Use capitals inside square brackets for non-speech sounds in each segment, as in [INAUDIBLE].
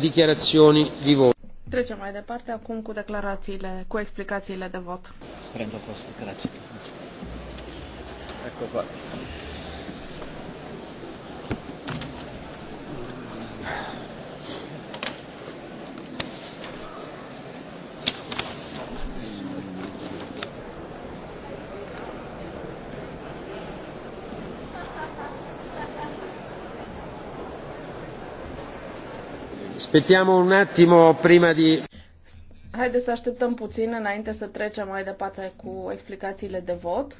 Dichiarazioni di vot. Trecem mai departe acum cu declarațiile, cu explicațiile de vot. Prendo posto, grazie. Ecco qua. Aspettiamo un attimo prima di... Haideți să așteptăm puțin înainte să trecem mai departe cu explicațiile de vot.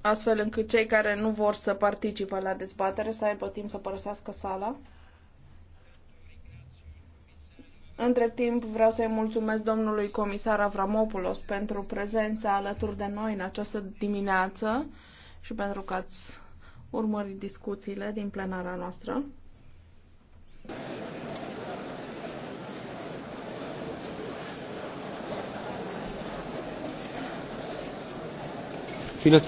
Astfel încât cei care nu vor să participe la dezbatere să aibă timp să părăsească sala. Între timp vreau să-i mulțumesc domnului comisar Avramopoulos pentru prezența alături de noi în această dimineață și pentru că ați urmări discuțiile din plenara noastră. Fino a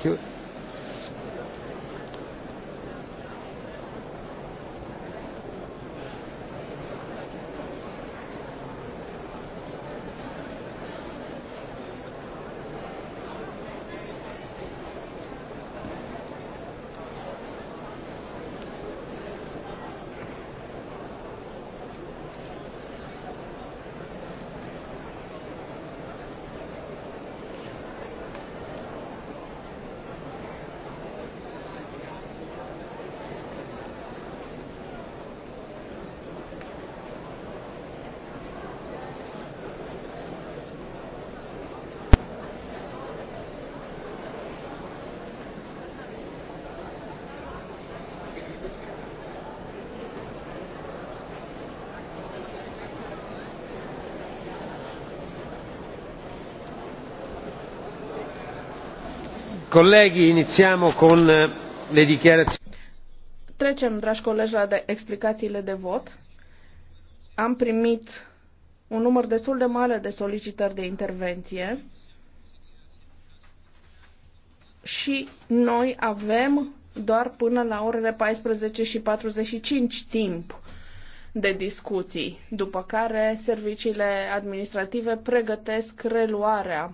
Colleghi, iniziamo con eh, le dichiarazioni. Trecem, dragi colegi, la de explicațiile de vot. Am primit un număr destul de mare de solicitări de intervenție și noi avem doar până la orele 14 și 45 timp de discuții, după care serviciile administrative pregătesc reluarea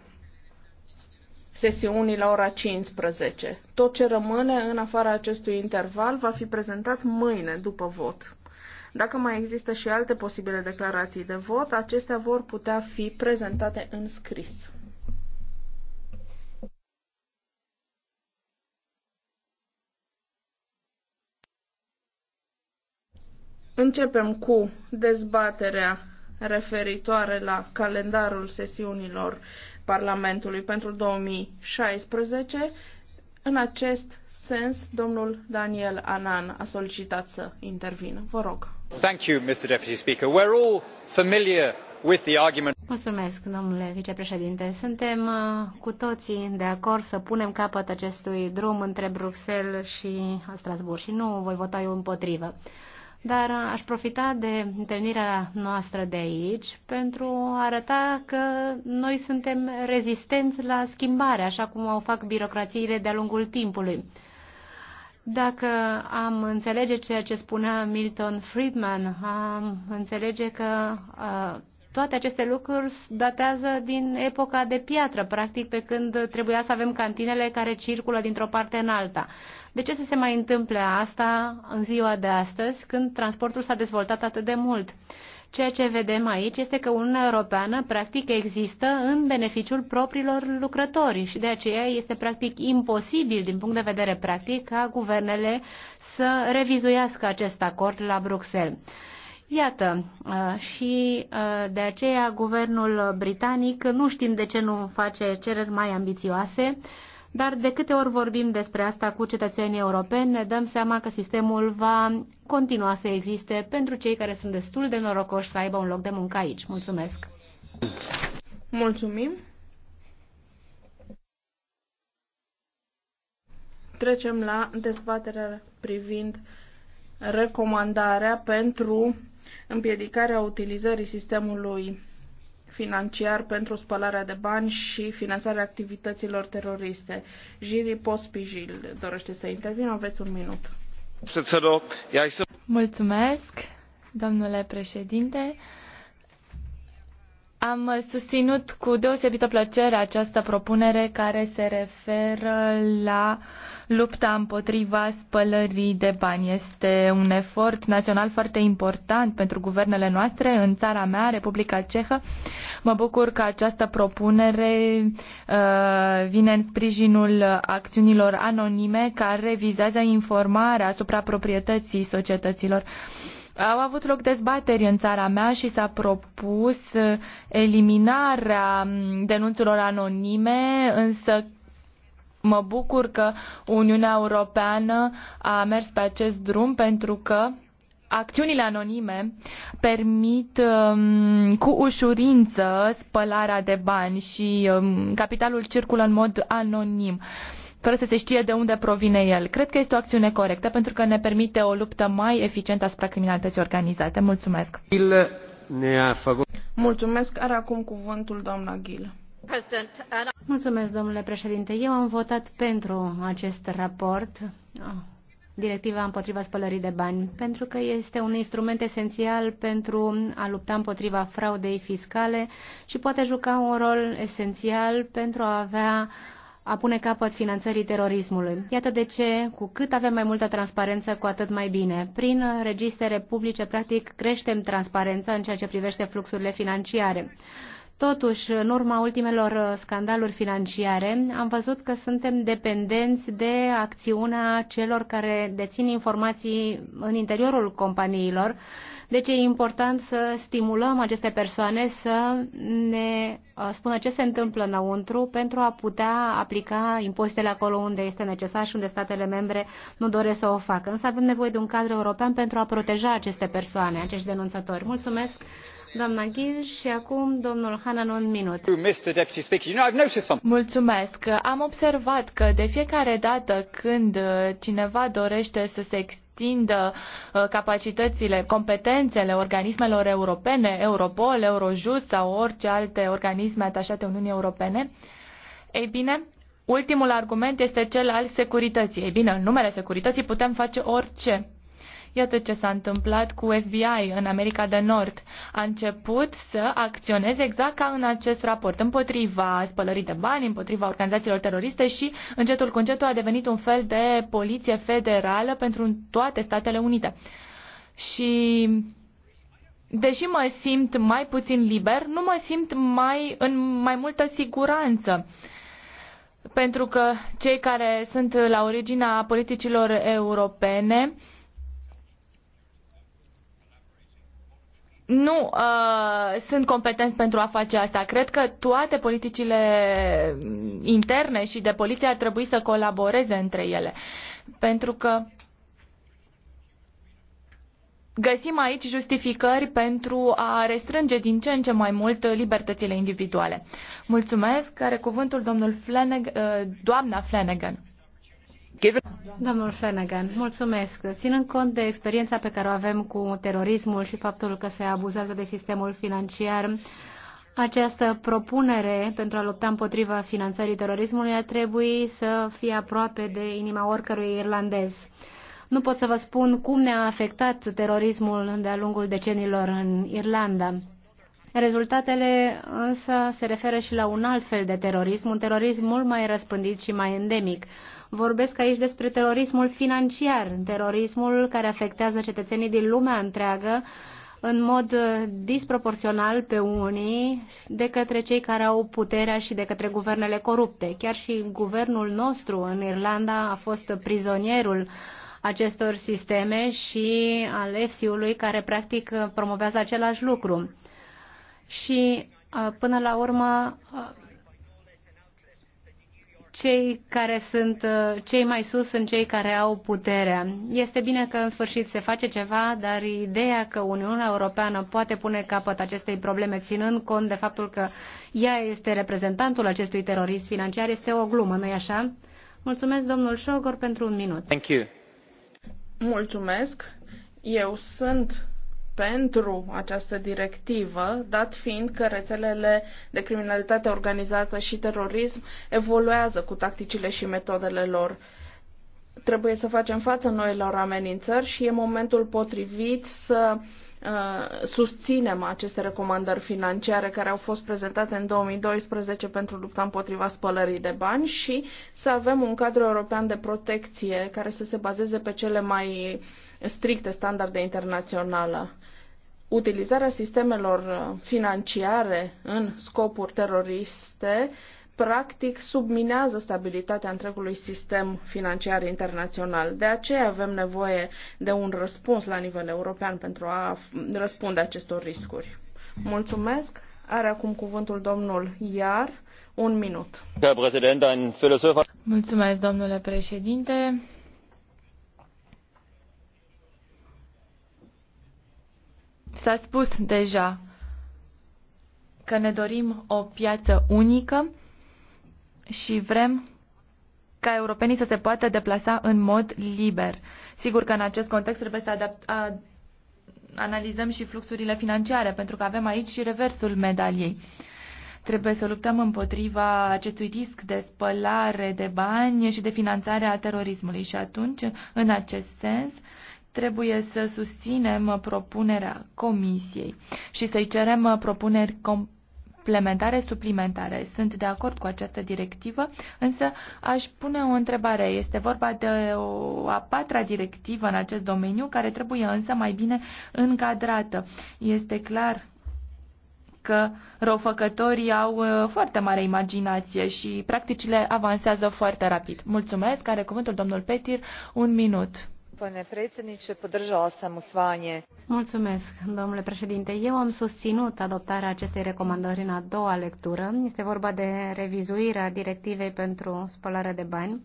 sesiunii la ora 15. Tot ce rămâne în afara acestui interval va fi prezentat mâine după vot. Dacă mai există și alte posibile declarații de vot, acestea vor putea fi prezentate în scris. Începem cu dezbaterea referitoare la calendarul sesiunilor Parlamentului pentru 2016. În acest sens, domnul Daniel Anan a solicitat să intervină. Vă rog. Thank you, Mr. Deputy Speaker. We're all familiar with the argument. Mulțumesc, domnule vicepreședinte. Suntem uh, cu toții de acord să punem capăt acestui drum între Bruxelles și Strasbourg și nu voi vota eu împotrivă dar aș profita de întâlnirea noastră de aici pentru a arăta că noi suntem rezistenți la schimbare, așa cum au fac birocrațiile de-a lungul timpului. Dacă am înțelege ceea ce spunea Milton Friedman, am înțelege că uh, toate aceste lucruri datează din epoca de piatră, practic, pe când trebuia să avem cantinele care circulă dintr-o parte în alta. De ce să se mai întâmple asta în ziua de astăzi, când transportul s-a dezvoltat atât de mult? Ceea ce vedem aici este că Uniunea Europeană practic există în beneficiul propriilor lucrători și de aceea este practic imposibil din punct de vedere practic ca guvernele să revizuiască acest acord la Bruxelles. Iată, uh, și uh, de aceea guvernul britanic nu știm de ce nu face cereri mai ambițioase, dar de câte ori vorbim despre asta cu cetățenii europeni, ne dăm seama că sistemul va continua să existe pentru cei care sunt destul de norocoși să aibă un loc de muncă aici. Mulțumesc! Mulțumim! Trecem la dezbaterea privind recomandarea pentru împiedicarea utilizării sistemului financiar pentru spălarea de bani și finanțarea activităților teroriste. Jiri Pospijil dorește să intervină. Aveți un minut. Mulțumesc, domnule președinte. Am susținut cu deosebită plăcere această propunere care se referă la uh, Lupta împotriva spălării de bani este un efort național foarte important pentru guvernele noastre în țara mea, Republica Cehă. Mă bucur că această propunere uh, vine în sprijinul acțiunilor anonime care vizează informarea asupra proprietății societăților. Au avut loc dezbateri în țara mea și s-a propus eliminarea mm, denunțurilor anonime, însă Mă bucur că Uniunea Europeană a mers pe acest drum pentru că acțiunile anonime permit um, cu ușurință spălarea de bani și um, capitalul circulă în mod anonim fără să se știe de unde provine el. Cred că este o acțiune corectă pentru că ne permite o luptă mai eficientă asupra criminalității organizate. Mulțumesc! Mulțumesc! Are acum cuvântul doamna Ghil domnule președinte. Eu am votat pentru acest raport, directiva împotriva spălării de bani, pentru că este un instrument esențial pentru a lupta împotriva fraudei fiscale și poate juca un rol esențial pentru a avea a pune capăt finanțării terorismului. Iată de ce, cu cât avem mai multă transparență, cu atât mai bine. Prin registre publice, practic, creștem transparența în ceea ce privește fluxurile financiare. Totuși, în urma ultimelor uh, scandaluri financiare, am văzut că suntem dependenți de acțiunea celor care dețin informații în interiorul companiilor. Deci e important să stimulăm aceste persoane să ne uh, spună ce se întâmplă înăuntru pentru a putea aplica impozitele acolo unde este necesar și unde statele membre nu doresc să o facă. Însă avem nevoie de un cadru european pentru a proteja aceste persoane, acești denunțători. Mulțumesc! doamna Gil și acum domnul Hanan un minut. Mulțumesc. Am observat că de fiecare dată când uh, cineva dorește să se extindă uh, capacitățile, competențele organismelor europene, Europol, Eurojust sau orice alte organisme atașate Uniunii Europene, ei bine, ultimul argument este cel al securității. Ei bine, în numele securității putem face orice. Iată ce s-a întâmplat cu FBI în America de Nord. A început să acționeze exact ca în acest raport, împotriva spălării de bani, împotriva organizațiilor teroriste și încetul cu încetul a devenit un fel de poliție federală pentru toate Statele Unite. Și deși mă simt mai puțin liber, nu mă simt mai în mai multă siguranță. Pentru că cei care sunt la originea politicilor europene uh, nu uh, sunt competenți pentru a face asta. Cred că toate politicile interne și de poliție ar trebui să colaboreze între ele. Pentru că găsim aici justificări pentru a restrânge din ce în ce mai mult libertățile individuale. Mulțumesc. Are cuvântul domnul Flanag- uh, doamna Flanagan. Domnul Flanagan, mulțumesc. Ținând cont de experiența pe care o avem cu terorismul și faptul că se abuzează de sistemul financiar, această propunere pentru a lupta împotriva finanțării terorismului ar trebui să fie aproape de inima oricărui irlandez. Nu pot să vă spun cum ne-a afectat terorismul de-a lungul decenilor în Irlanda. Rezultatele însă se referă și la un alt fel de terorism, un terorism mult mai răspândit și mai endemic Vorbesc aici despre terorismul financiar, terorismul care afectează cetățenii din lumea întreagă în mod disproporțional pe unii de către cei care au puterea și de către guvernele corupte. Chiar și guvernul nostru în Irlanda a fost prizonierul acestor sisteme și al EFSI-ului care practic promovează același lucru. Și uh, până la urmă uh, cei care sunt uh, cei mai sus sunt cei care au puterea. Este bine că în sfârșit se face ceva, dar ideea că Uniunea Europeană poate pune capăt acestei probleme, ținând cont de faptul că ea este reprezentantul acestui terorist financiar, este o glumă, nu-i așa? Mulțumesc, domnul Șogor, pentru un minut. Thank you. Mulțumesc. Eu sunt pentru această directivă, dat fiind că rețelele de criminalitate organizată și terorism evoluează cu tacticile și metodele lor. Trebuie să facem față noilor amenințări și e momentul potrivit să uh, susținem aceste recomandări financiare care au fost prezentate în 2012 pentru lupta împotriva spălării de bani și să avem un cadru european de protecție care să se bazeze pe cele mai stricte standarde internaționale utilizarea sistemelor uh, financiare în scopuri teroriste practic subminează stabilitatea întregului sistem financiar internațional. De aceea avem nevoie de un răspuns la nivel european pentru a răspunde acestor riscuri. Mulțumesc. Are acum cuvântul domnul Iar. Un minut. Mulțumesc, domnule președinte. S-a spus deja că ne dorim o piață unică și vrem ca europenii să se poată deplasa în mod liber. Sigur că în acest context trebuie să adapt, a, analizăm și fluxurile financiare, pentru că avem aici și reversul medaliei. Trebuie să luptăm împotriva acestui risc de spălare de bani și de finanțare a terorismului. Și atunci, în acest sens, trebuie să susținem propunerea Comisiei și să-i cerem propuneri complementare, suplimentare. Sunt de acord cu această directivă, însă aș pune o întrebare. Este vorba de o a patra directivă în acest domeniu, care trebuie însă mai bine încadrată. Este clar că răufăcătorii au uh, foarte mare imaginație și practicile avansează foarte rapid. Mulțumesc. Are cuvântul domnul Petir. Un minut. Mulțumesc, domnule președinte. Eu am susținut adoptarea acestei recomandări în a doua lectură. Este vorba de revizuirea directivei pentru spălarea de bani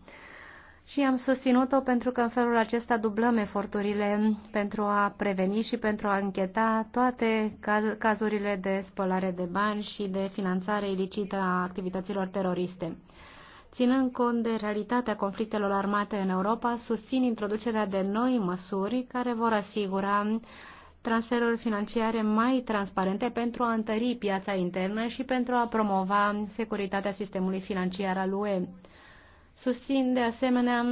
și am susținut-o pentru că în felul acesta dublăm eforturile pentru a preveni și pentru a încheta toate cazurile de spălare de bani și de finanțare ilicită a activităților teroriste. Ținând cont de realitatea conflictelor armate în Europa, susțin introducerea de noi măsuri care vor asigura transferuri financiare mai transparente pentru a întări piața internă și pentru a promova securitatea sistemului financiar al UE. Susțin de asemenea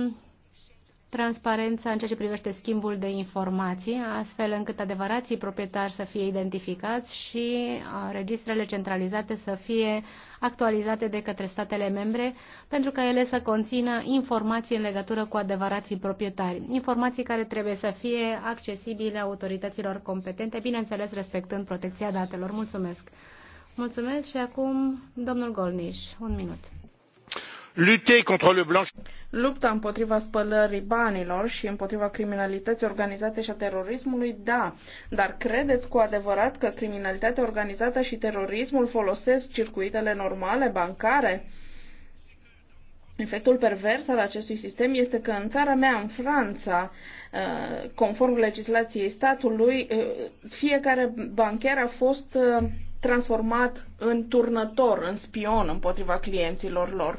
transparența în ceea ce privește schimbul de informații, astfel încât adevărații proprietari să fie identificați și uh, registrele centralizate să fie uh, actualizate de către statele membre pentru ca ele să conțină informații în legătură cu adevărații proprietari, informații care trebuie să fie accesibile autorităților competente, bineînțeles respectând protecția datelor. Mulțumesc! Mulțumesc și acum domnul Golniș. Un minut lutter contre le blanchiment. Lupta împotriva spălării banilor și împotriva criminalității organizate și a terorismului, da, dar credeți cu adevărat că criminalitatea organizată și terorismul folosesc circuitele normale bancare? Efectul pervers al acestui sistem este că în țara mea, în Franța, uh, conform legislației statului, uh, fiecare bancher a fost uh, transformat în turnător, în spion împotriva clienților lor.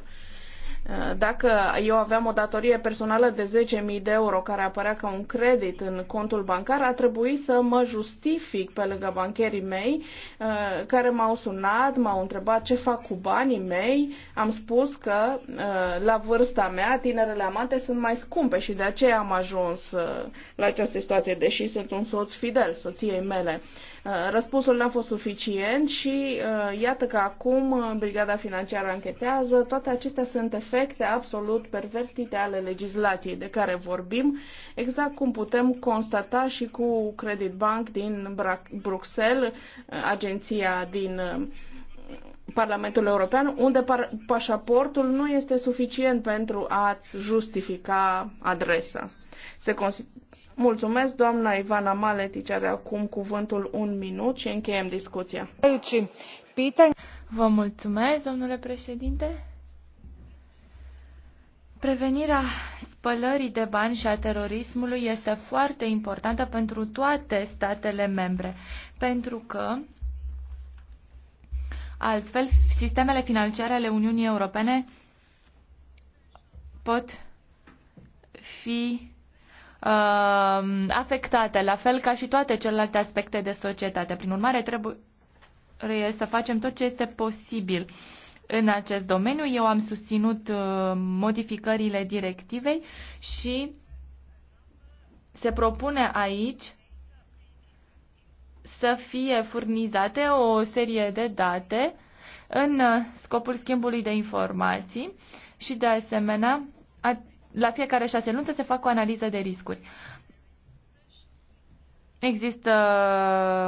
Dacă eu aveam o datorie personală de 10.000 de euro care apărea ca un credit în contul bancar, a trebuit să mă justific pe lângă bancherii mei uh, care m-au sunat, m-au întrebat ce fac cu banii mei. Am spus că uh, la vârsta mea tinerele amante sunt mai scumpe și de aceea am ajuns uh, la această situație, deși sunt un soț fidel soției mele. Uh, răspunsul n-a fost suficient și uh, iată că acum uh, Brigada Financiară anchetează. Toate acestea sunt efecte absolut pervertite ale legislației de care vorbim, exact cum putem constata și cu Credit Bank din Bruxelles, agenția din Parlamentul European, unde pașaportul nu este suficient pentru a-ți justifica adresa. Se Mulțumesc, doamna Ivana Maletici are acum cuvântul un minut și încheiem discuția. Vă mulțumesc, domnule președinte. Prevenirea spălării de bani și a terorismului este foarte importantă pentru toate statele membre, pentru că altfel sistemele financiare ale Uniunii Europene pot fi Um, afectate, la fel ca și toate celelalte aspecte de societate. Prin urmare, trebuie să facem tot ce este posibil în acest domeniu. Eu am susținut uh, modificările directivei și se propune aici să fie furnizate o serie de date în uh, scopul schimbului de informații și, de asemenea, la fiecare șase luni să se facă o analiză de riscuri. Există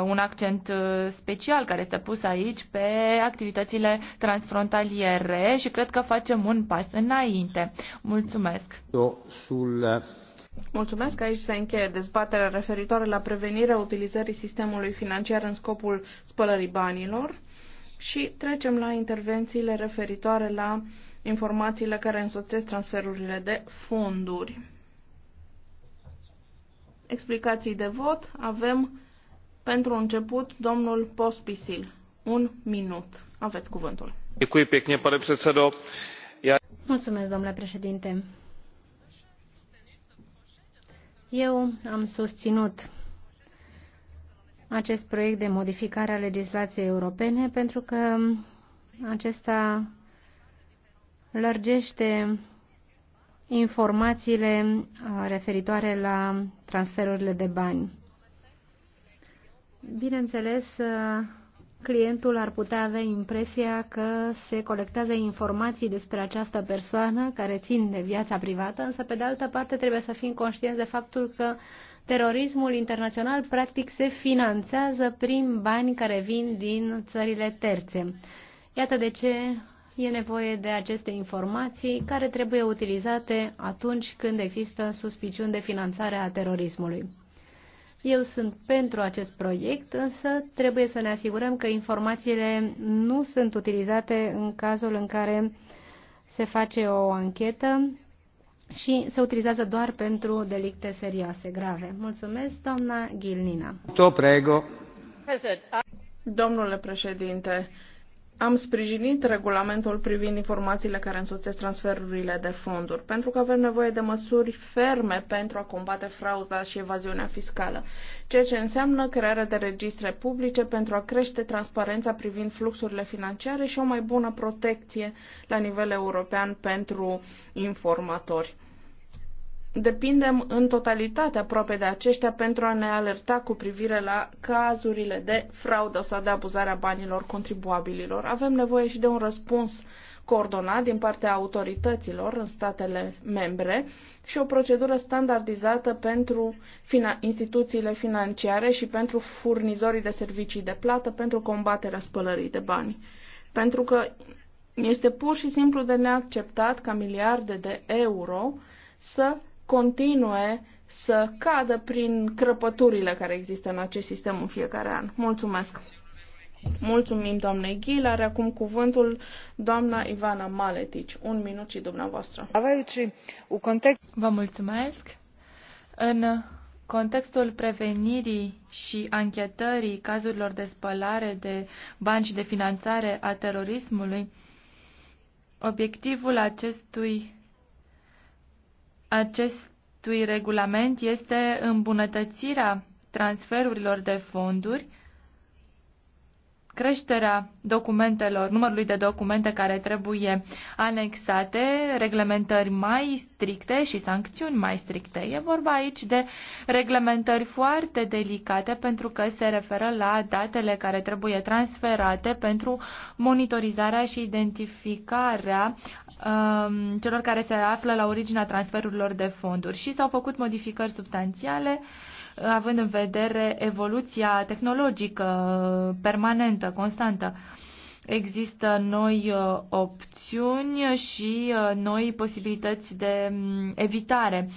un accent uh, special care este pus aici pe activitățile transfrontaliere și cred că facem un pas înainte. Mulțumesc! Uh, Mulțumesc, aici se încheie dezbaterea referitoare la prevenirea utilizării sistemului financiar în scopul spălării banilor și trecem la intervențiile referitoare la informațiile care însoțesc transferurile de fonduri. Explicații de vot avem pentru început domnul Pospisil. Un minut. Aveți cuvântul. Mulțumesc, domnule președinte. Eu am susținut acest proiect de modificare a legislației europene pentru că acesta lărgește informațiile uh, referitoare la transferurile de bani. Bineînțeles, uh, clientul ar putea avea impresia că se colectează informații despre această persoană care țin de viața privată, însă pe de altă parte trebuie să fim conștienți de faptul că terorismul internațional practic se finanțează prin bani care vin din țările terțe. Iată de ce e nevoie de aceste informații care trebuie utilizate atunci când există suspiciuni de finanțare a terorismului. Eu sunt pentru acest proiect, însă trebuie să ne asigurăm că informațiile nu sunt utilizate în cazul în care se face o anchetă și se utilizează doar pentru delicte serioase, grave. Mulțumesc, doamna Ghilnina. Domnule președinte, am sprijinit regulamentul privind informațiile care însoțesc transferurile de fonduri, pentru că avem nevoie de măsuri ferme pentru a combate frauda și evaziunea fiscală, ceea ce înseamnă crearea de registre publice pentru a crește transparența privind fluxurile financiare și o mai bună protecție la nivel european pentru informatori depindem în totalitate aproape de aceștia pentru a ne alerta cu privire la cazurile de fraudă sau de abuzarea banilor contribuabililor. Avem nevoie și de un răspuns coordonat din partea autorităților în statele membre și o procedură standardizată pentru fina- instituțiile financiare și pentru furnizorii de servicii de plată pentru combaterea spălării de bani. Pentru că este pur și simplu de neacceptat ca miliarde de euro să continue să cadă prin crăpăturile care există în acest sistem în fiecare an. Mulțumesc! Mulțumim, doamne Ghil. Are acum cuvântul doamna Ivana Maletici. Un minut și dumneavoastră. Vă mulțumesc. În contextul prevenirii și anchetării cazurilor de spălare de bani și de finanțare a terorismului, obiectivul acestui acestui regulament este îmbunătățirea transferurilor de fonduri, creșterea documentelor, numărului de documente care trebuie anexate, reglementări mai stricte și sancțiuni mai stricte. E vorba aici de reglementări foarte delicate pentru că se referă la datele care trebuie transferate pentru monitorizarea și identificarea Um, celor care se află la originea transferurilor de fonduri și s-au făcut modificări substanțiale uh, având în vedere evoluția tehnologică permanentă, constantă. Există noi uh, opțiuni și uh, noi posibilități de um, evitare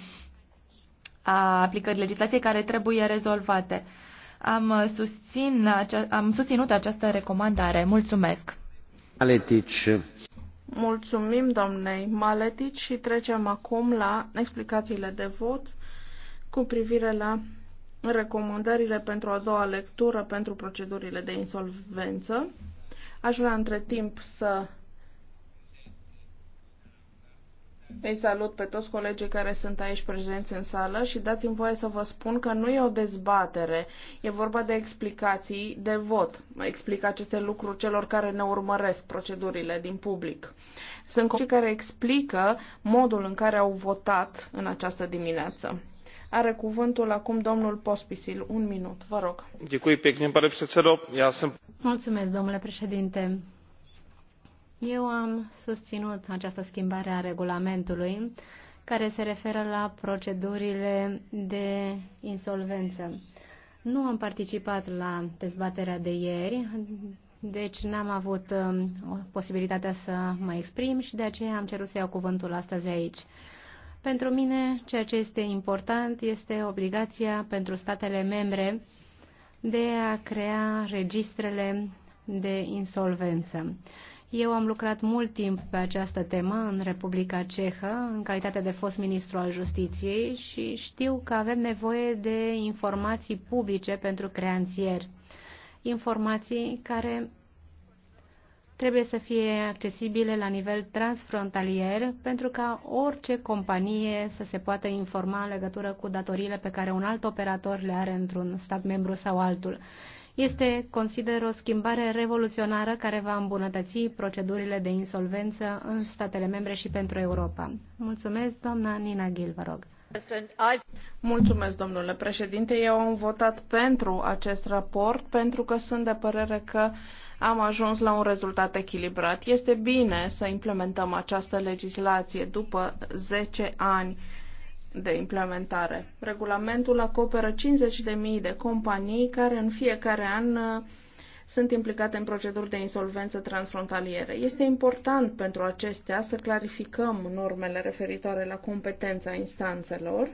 a aplicării legislației care trebuie rezolvate. Am, susțin, am susținut această recomandare. Mulțumesc! Aletici Mulțumim domnei Maletici și trecem acum la explicațiile de vot cu privire la recomandările pentru a doua lectură pentru procedurile de insolvență. Aș vrea între timp să Îi salut pe toți colegii care sunt aici prezenți în sală și dați-mi voie să vă spun că nu e o dezbatere, e vorba de explicații de vot. Explic aceste lucruri celor care ne urmăresc procedurile din public. Sunt cei care explică modul în care au votat în această dimineață. Are cuvântul acum domnul Pospisil. Un minut, vă rog. Mulțumesc, domnule președinte. Eu am susținut această schimbare a regulamentului care se referă la procedurile de insolvență. Nu am participat la dezbaterea de ieri, deci n-am avut um, posibilitatea să mă exprim și de aceea am cerut să iau cuvântul astăzi aici. Pentru mine, ceea ce este important este obligația pentru statele membre de a crea registrele de insolvență. Eu am lucrat mult timp pe această temă în Republica Cehă, în calitate de fost ministru al justiției și știu că avem nevoie de informații publice pentru creanțieri. Informații care trebuie să fie accesibile la nivel transfrontalier pentru ca orice companie să se poată informa în legătură cu datoriile pe care un alt operator le are într-un stat membru sau altul. Este, consider, o schimbare revoluționară care va îmbunătăți procedurile de insolvență în statele membre și pentru Europa. Mulțumesc, doamna Nina Gil, vă rog. Mulțumesc, domnule președinte. Eu am votat pentru acest raport pentru că sunt de părere că am ajuns la un rezultat echilibrat. Este bine să implementăm această legislație după 10 ani de implementare. Regulamentul acoperă 50.000 de companii care în fiecare an uh, sunt implicate în proceduri de insolvență transfrontaliere. Este important pentru acestea să clarificăm normele referitoare la competența instanțelor,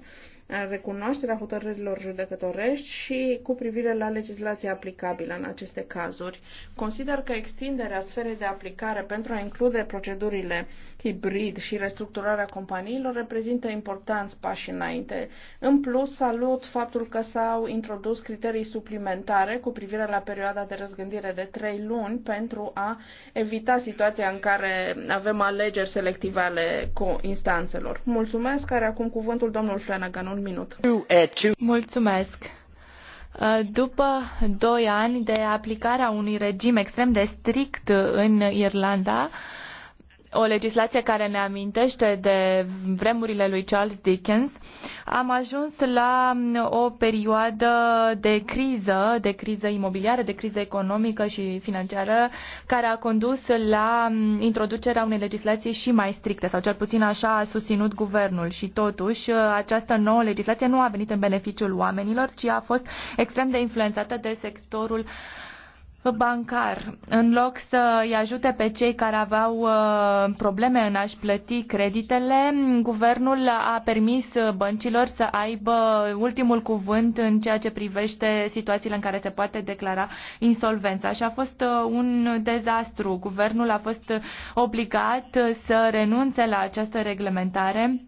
recunoașterea hotărârilor judecătorești și cu privire la legislația aplicabilă în aceste cazuri. Consider că extinderea sferei de aplicare pentru a include procedurile hibrid și restructurarea companiilor reprezintă importanți pași înainte. În plus, salut faptul că s-au introdus criterii suplimentare cu privire la perioada de răzgândire de trei luni pentru a evita situația în care avem alegeri selective ale instanțelor. Mulțumesc, care acum cuvântul domnul Flanagan, un minut. Uh, Mulțumesc. Uh, după doi ani de aplicarea unui regim extrem de strict în Irlanda, o legislație care ne amintește de vremurile lui Charles Dickens, am ajuns la o perioadă de criză, de criză imobiliară, de criză economică și financiară, care a condus la introducerea unei legislații și mai stricte, sau cel puțin așa a susținut guvernul. Și totuși, această nouă legislație nu a venit în beneficiul oamenilor, ci a fost extrem de influențată de sectorul uh, bancar, în loc să îi ajute pe cei care aveau uh, probleme în a-și plăti creditele, guvernul a permis uh, băncilor să aibă ultimul cuvânt în ceea ce privește situațiile în care se poate declara insolvența. Și a fost uh, un dezastru. Guvernul a fost obligat să renunțe la această reglementare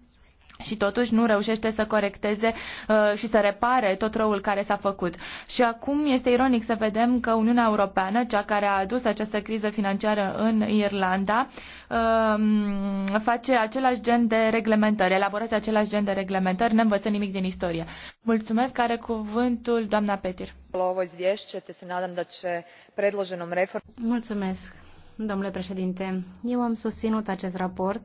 și totuși nu reușește să corecteze uh, și să repare tot răul care s-a făcut. Și acum este ironic să vedem că Uniunea Europeană, cea care a adus această criză financiară în Irlanda, uh, face același gen de reglementări, elaborează același gen de reglementări, ne învățăm nimic din istorie. Mulțumesc, are cuvântul doamna Petir. Da Mulțumesc, domnule președinte. Eu am susținut acest raport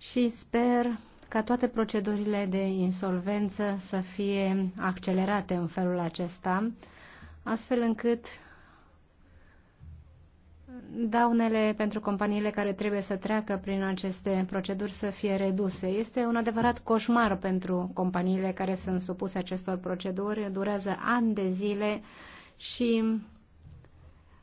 și sper ca toate procedurile de insolvență să fie accelerate în felul acesta, astfel încât daunele pentru companiile care trebuie să treacă prin aceste proceduri să fie reduse. Este un adevărat coșmar pentru companiile care sunt supuse acestor proceduri, durează ani de zile și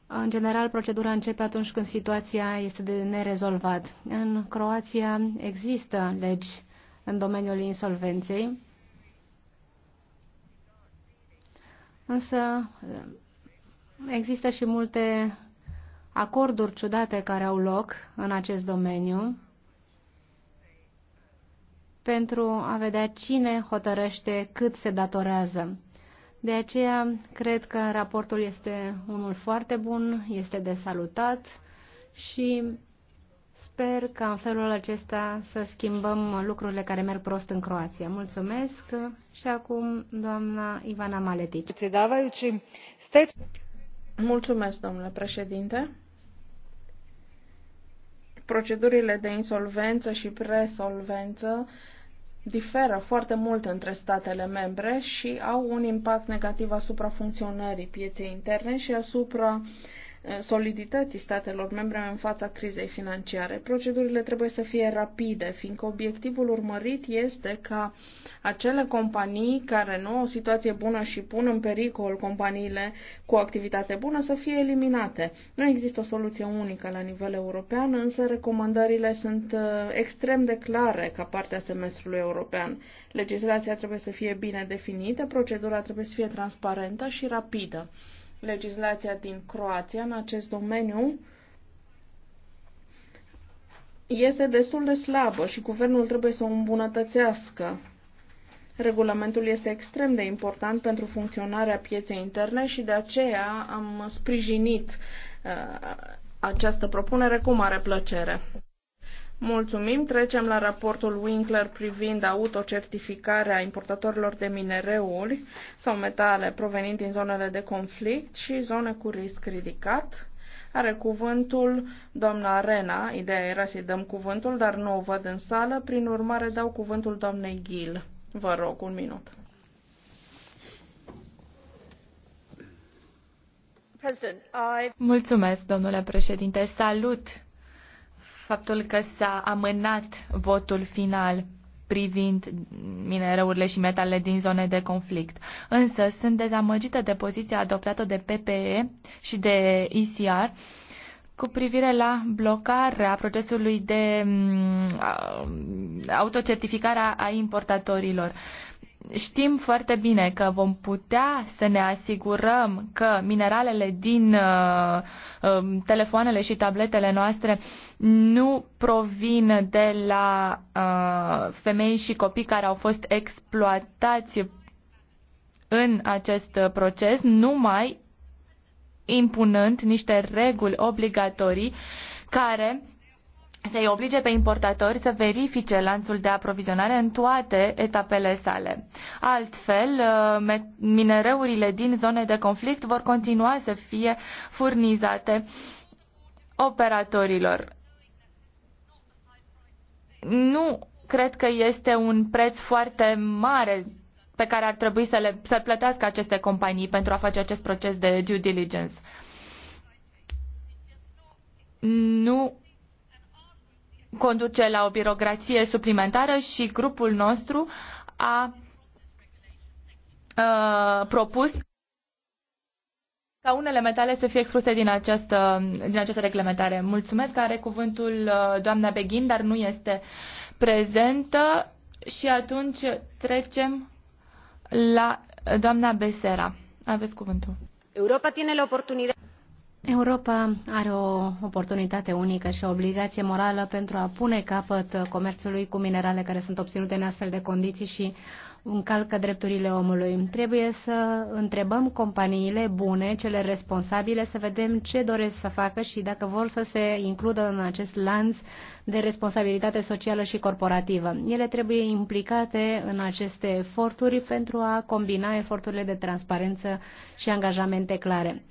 în general, procedura începe atunci când situația este de nerezolvat. În Croația există legi în domeniul insolvenței, însă eh, există și multe acorduri ciudate care au loc în acest domeniu pentru a vedea cine hotărăște cât se datorează. De aceea, cred că raportul este unul foarte bun, este de salutat și sper că în felul acesta să schimbăm lucrurile care merg prost în Croația. Mulțumesc și acum doamna Ivana Maletici. Mulțumesc, domnule președinte. Procedurile de insolvență și presolvență diferă foarte mult între statele membre și au un impact negativ asupra funcționării pieței interne și asupra solidității statelor membre în fața crizei financiare. Procedurile trebuie să fie rapide, fiindcă obiectivul urmărit este ca acele companii care nu au o situație bună și pun în pericol companiile cu o activitate bună să fie eliminate. Nu există o soluție unică la nivel european, însă recomandările sunt uh, extrem de clare ca parte a semestrului european. Legislația trebuie să fie bine definită, procedura trebuie să fie transparentă și rapidă legislația din Croația în acest domeniu este destul de slabă și guvernul trebuie să o îmbunătățească. Regulamentul este extrem de important pentru funcționarea pieței interne și de aceea am sprijinit uh, această propunere cu mare plăcere. Mulțumim. Trecem la raportul Winkler privind autocertificarea importatorilor de minereuri sau metale provenind din zonele de conflict și zone cu risc ridicat. Are cuvântul doamna Arena. Ideea era să-i dăm cuvântul, dar nu o văd în sală. Prin urmare, dau cuvântul doamnei Gil. Vă rog, un minut. Mulțumesc, domnule președinte. Salut faptul că s-a amânat votul final privind minereurile și metalele din zone de conflict. Însă sunt dezamăgită de poziția adoptată de PPE și de ICR cu privire la blocarea procesului de mm, autocertificare a importatorilor. Uh, știm foarte bine că vom putea să ne asigurăm că mineralele din uh, uh, telefoanele și tabletele noastre nu provin de la uh, femei și copii care au fost exploatați în acest proces, numai impunând niște reguli obligatorii care să-i oblige pe importatori să verifice lanțul de aprovizionare în toate etapele sale. Altfel, uh, minereurile din zone de conflict vor continua să fie furnizate operatorilor. Nu cred că este un preț foarte mare pe care ar trebui să le să plătească aceste companii pentru a face acest proces de due diligence. Nu conduce la o birocrație suplimentară și grupul nostru a propus ca unele metale să fie excluse din această, din această reglementare. Mulțumesc, are cuvântul uh, doamna Beghin, dar nu este prezentă și atunci trecem la doamna Besera. Aveți cuvântul. Europa tiene la oportunidad Europa are o oportunitate unică și o obligație morală pentru a pune capăt comerțului cu minerale care sunt obținute în astfel de condiții și încalcă drepturile omului. Trebuie să întrebăm companiile bune, cele responsabile, să vedem ce doresc să facă și dacă vor să se includă în acest lanț de responsabilitate socială și corporativă. Ele trebuie implicate în aceste eforturi pentru a combina eforturile de transparență și angajamente clare.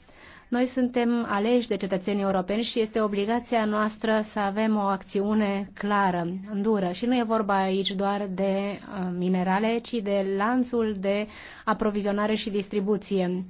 Noi suntem aleși de cetățenii europeni și este obligația noastră să avem o acțiune clară, dură. Și nu e vorba aici doar de uh, minerale, ci de lanțul de aprovizionare și distribuție.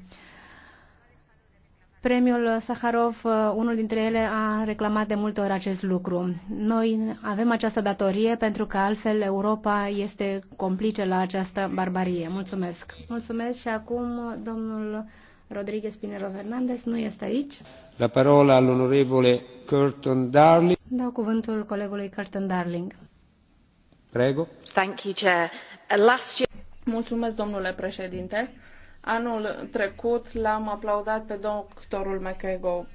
Premiul Saharov, uh, unul dintre ele a reclamat de multe ori acest lucru. Noi avem această datorie pentru că altfel Europa este complice la această barbarie. Mulțumesc. Mulțumesc și acum domnul Rodriguez Pinero Fernandez nu este aici. La parola al onorevole Curtin Darling. Dau cuvântul colegului Curtin Darling. Prego. Thank you, Chair. Uh, last year... Mulțumesc, domnule președinte. Anul trecut l-am aplaudat pe doctorul McEgo,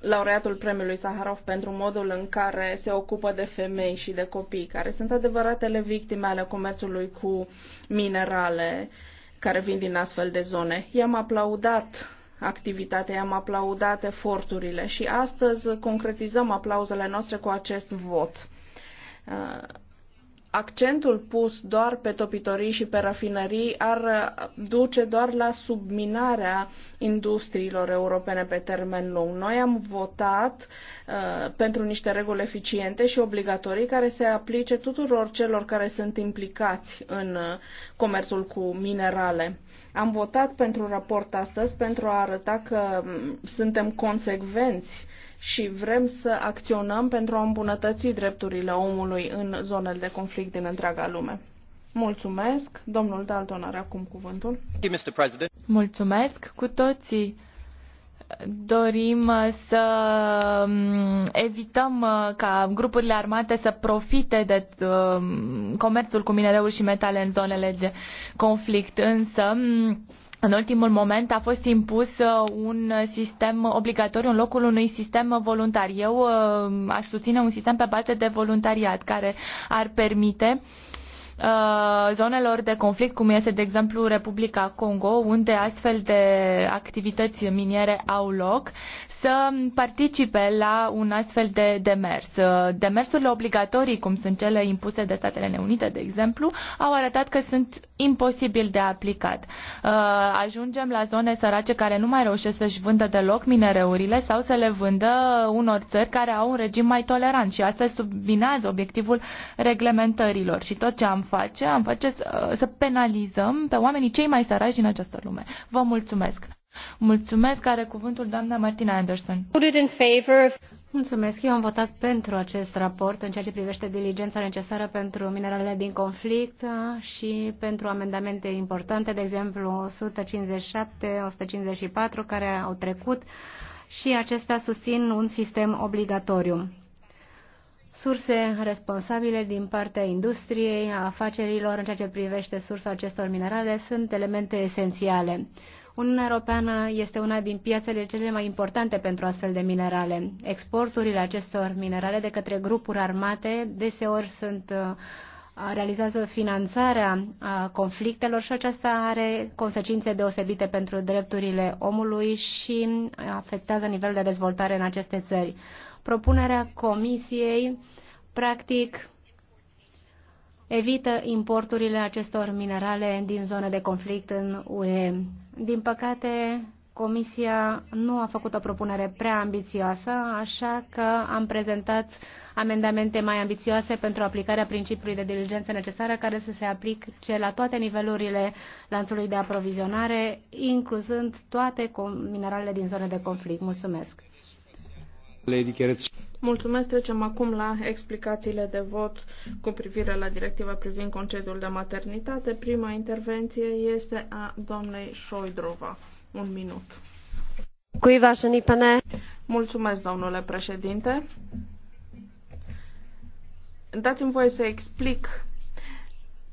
laureatul premiului Saharov, pentru modul în care se ocupă de femei și de copii, care sunt adevăratele victime ale comerțului cu minerale. Uh, care vin din astfel de zone. I-am aplaudat activitatea, i-am aplaudat eforturile și astăzi concretizăm aplauzele noastre cu acest vot uh, accentul pus doar pe topitorii și pe rafinării ar uh, duce doar la subminarea industriilor europene pe termen lung. Noi am votat uh, pentru niște reguli eficiente și obligatorii care se aplice tuturor celor care sunt implicați în uh, comerțul cu minerale. Am votat pentru raport astăzi pentru a arăta că mm, suntem consecvenți uh, și vrem să acționăm pentru a îmbunătăți drepturile omului în zonele de conflict din întreaga lume. Mulțumesc. Domnul Dalton are acum cuvântul. Mulțumesc. Cu toții dorim să mm, evităm uh, ca grupurile armate să profite de uh, comerțul cu minereuri și metale în zonele de conflict. Însă, mm, în ultimul moment a fost impus uh, un sistem obligatoriu în locul unui sistem voluntar. Eu uh, aș susține un sistem pe bază de voluntariat care ar permite uh, Uh, zonelor de conflict, cum este, de exemplu, Republica Congo, unde astfel de activități miniere au loc, să participe la un astfel de demers. Uh, demersurile obligatorii, cum sunt cele impuse de Statele Unite, de exemplu, au arătat că sunt imposibil de aplicat. Uh, ajungem la zone sărace care nu mai reușesc să-și vândă deloc minereurile sau să le vândă unor țări care au un regim mai tolerant și asta subminează obiectivul reglementărilor. Și tot ce am face? Am face să, să penalizăm pe oamenii cei mai săraci din această lume. Vă mulțumesc! Mulțumesc, are cuvântul doamna Martina Anderson. Mulțumesc, eu am votat pentru acest raport în ceea ce privește diligența necesară pentru mineralele din conflict uh, și pentru amendamente importante, de exemplu 157, 154 care au trecut și acestea susțin un sistem obligatoriu surse responsabile din partea industriei, a afacerilor în ceea ce privește sursa acestor minerale sunt elemente esențiale. Uniunea Europeană este una din piațele cele mai importante pentru astfel de minerale. Exporturile acestor minerale de către grupuri armate deseori sunt uh, realizează finanțarea uh, conflictelor și aceasta are consecințe deosebite pentru drepturile omului și afectează nivelul de dezvoltare în aceste țări. Propunerea Comisiei, practic, evită importurile acestor minerale din zone de conflict în UE. Din păcate, Comisia nu a făcut o propunere prea ambițioasă, așa că am prezentat amendamente mai ambițioase pentru aplicarea principiului de diligență necesară, care să se aplice la toate nivelurile lanțului de aprovizionare, incluzând toate mineralele din zone de conflict. Mulțumesc! Mulțumesc. Trecem acum la explicațiile de vot cu privire la directiva privind concediul de maternitate. Prima intervenție este a doamnei Șoidrova. Un minut. Cui vașeni pane? Mulțumesc, domnule președinte. Dați-mi voie să explic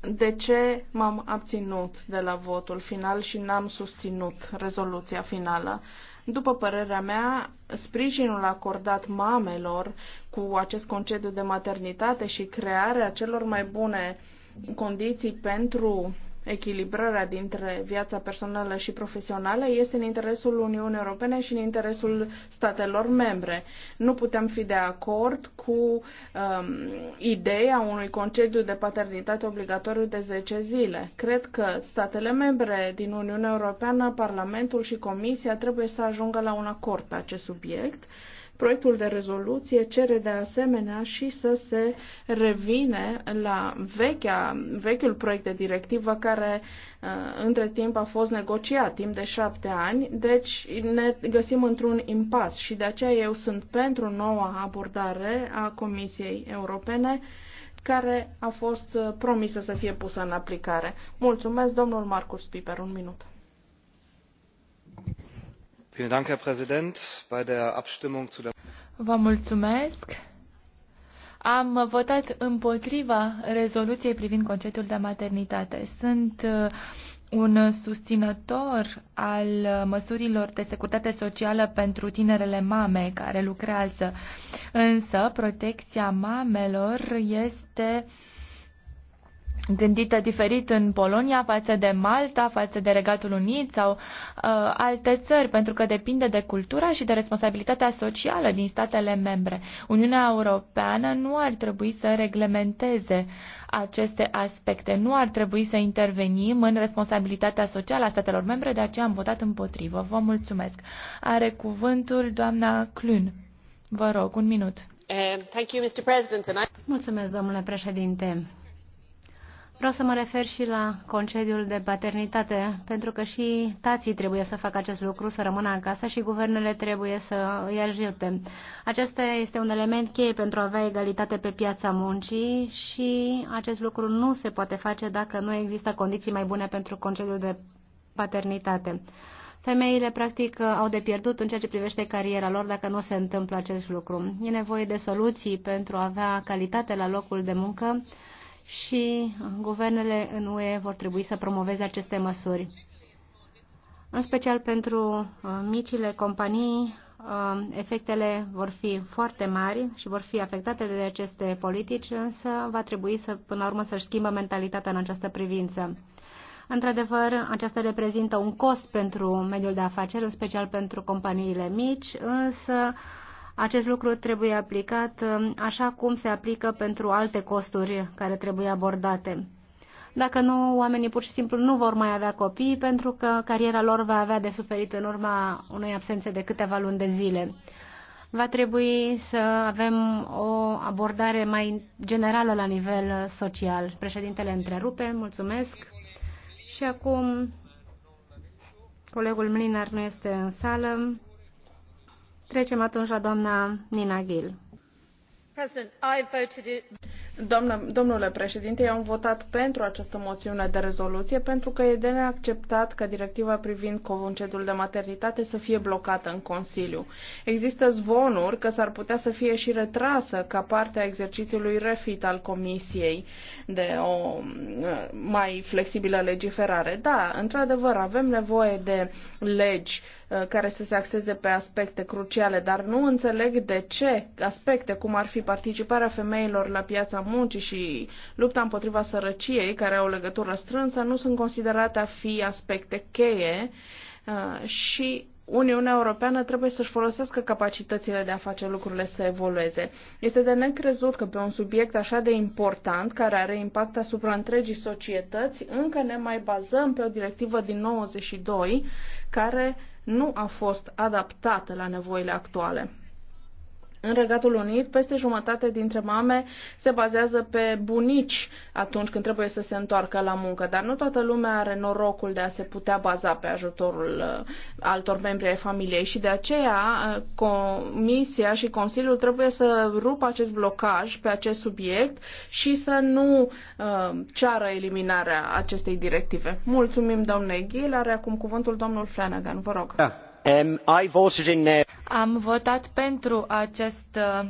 de ce m-am abținut de la votul final și n-am susținut rezoluția finală. Uh, după părerea mea, sprijinul acordat mamelor cu acest concediu de maternitate și crearea celor mai bune condiții pentru echilibrarea dintre viața personală și profesională este în interesul Uniunii Europene și în interesul statelor membre. Nu putem fi de acord cu um, ideea unui concediu de paternitate obligatoriu de 10 zile. Cred că statele membre din Uniunea Europeană, Parlamentul și Comisia trebuie să ajungă la un acord pe acest subiect Proiectul de rezoluție cere de asemenea și să se revine la vechea, vechiul proiect de directivă care uh, între timp a fost negociat timp de șapte ani, deci ne găsim într-un impas și de aceea eu sunt pentru noua abordare a Comisiei Europene care a fost uh, promisă să fie pusă în aplicare. Mulțumesc, domnul Marcus Piper, un minut. Vă mulțumesc. Am votat împotriva rezoluției privind concediul de maternitate. Sunt uh, un susținător al măsurilor de securitate socială pentru tinerele mame care lucrează. Însă, protecția mamelor este uh, gândită diferit în Polonia față de Malta, față de Regatul Unit sau uh, alte țări, pentru că depinde de cultura și de responsabilitatea socială din statele membre. Uniunea Europeană nu ar trebui să reglementeze aceste aspecte, nu ar trebui să intervenim în responsabilitatea socială a statelor membre, de aceea am votat împotrivă. Vă mulțumesc. Are cuvântul doamna Clun. Vă rog, un minut. Uh, mulțumesc, domnule președinte. Vreau să mă refer și la concediul de paternitate, pentru că și tații trebuie să facă acest lucru, să rămână acasă și guvernele trebuie să îi ajute. Acesta este un element cheie pentru a avea egalitate pe piața muncii și acest lucru nu se poate face dacă nu există condiții mai bune pentru concediul de paternitate. Femeile, practic, au de pierdut în ceea ce privește cariera lor dacă nu se întâmplă acest lucru. E nevoie de soluții pentru a avea calitate la locul de muncă, și guvernele în UE vor trebui să promoveze aceste măsuri. În special pentru uh, micile companii, uh, efectele vor fi foarte mari și vor fi afectate de aceste politici, însă va trebui să, până la urmă să-și schimbă mentalitatea în această privință. Într-adevăr, aceasta reprezintă un cost pentru mediul de afaceri, în special pentru companiile mici, însă acest lucru trebuie aplicat um, așa cum se aplică pentru alte costuri care trebuie abordate. Dacă nu, oamenii pur și simplu nu vor mai avea copii pentru că cariera lor va avea de suferit în urma unei absențe de câteva luni de zile. Va trebui să avem o abordare mai generală la nivel social. Președintele întrerupe, mulțumesc. Și acum colegul Mlinar nu este în sală. Trecem atunci la doamna Nina Gill. Doamna, domnule președinte, eu am votat pentru această moțiune de rezoluție pentru că e de neacceptat ca directiva privind concedul de maternitate să fie blocată în Consiliu. Există zvonuri că s-ar putea să fie și retrasă ca parte a exercițiului refit al Comisiei de o mai flexibilă legiferare. Da, într-adevăr, avem nevoie de legi uh, Uh, care să se axeze pe aspecte cruciale, dar nu înțeleg de ce aspecte cum ar fi participarea femeilor la piața muncii și lupta împotriva sărăciei, care au legătură strânsă, nu sunt considerate a fi aspecte cheie uh, și Uniunea Europeană trebuie să-și folosească capacitățile de a face lucrurile să evolueze. Este de necrezut că pe un subiect așa de important, care are impact asupra întregii societăți, încă ne mai bazăm pe o directivă din 92, care uh, nu a fost adaptată la nevoile actuale. În Regatul Unit, peste jumătate dintre mame se bazează pe bunici atunci când trebuie să se întoarcă la muncă, dar nu toată lumea are norocul de a se putea baza pe ajutorul uh, altor membri ai familiei și de aceea uh, Comisia și Consiliul trebuie să rupă acest blocaj pe acest subiect și să nu uh, ceară eliminarea acestei directive. Mulțumim, domnule Ghil. Are acum cuvântul domnul Flanagan. Vă rog. Da. Um, uh, Am votat pentru acest, uh,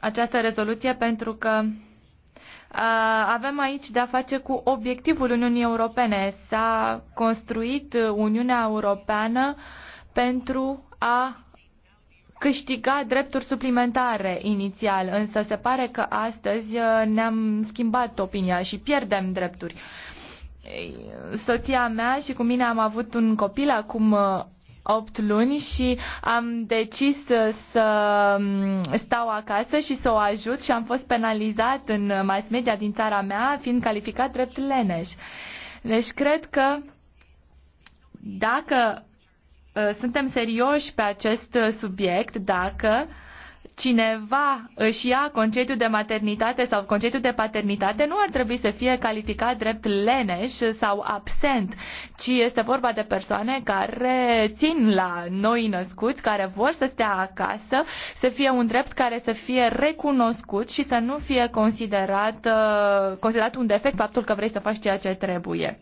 această rezoluție pentru că uh, avem aici de-a face cu obiectivul Uniunii Europene. S-a construit Uniunea Europeană pentru a câștiga drepturi suplimentare inițial, însă se pare că astăzi ne-am schimbat opinia și pierdem drepturi soția mea și cu mine am avut un copil acum 8 uh, luni și am decis uh, să um, stau acasă și să o ajut și am fost penalizat în mass media din țara mea, fiind calificat drept leneș. Deci cred că dacă uh, suntem serioși pe acest subiect, dacă uh, cineva își ia concediu de maternitate sau concediu de paternitate, nu ar trebui să fie calificat drept leneș sau absent, ci este vorba de persoane care țin la noi născuți, care vor să stea acasă, să fie un drept care să fie recunoscut și să nu fie considerat, uh, considerat un defect faptul că vrei să faci ceea ce trebuie.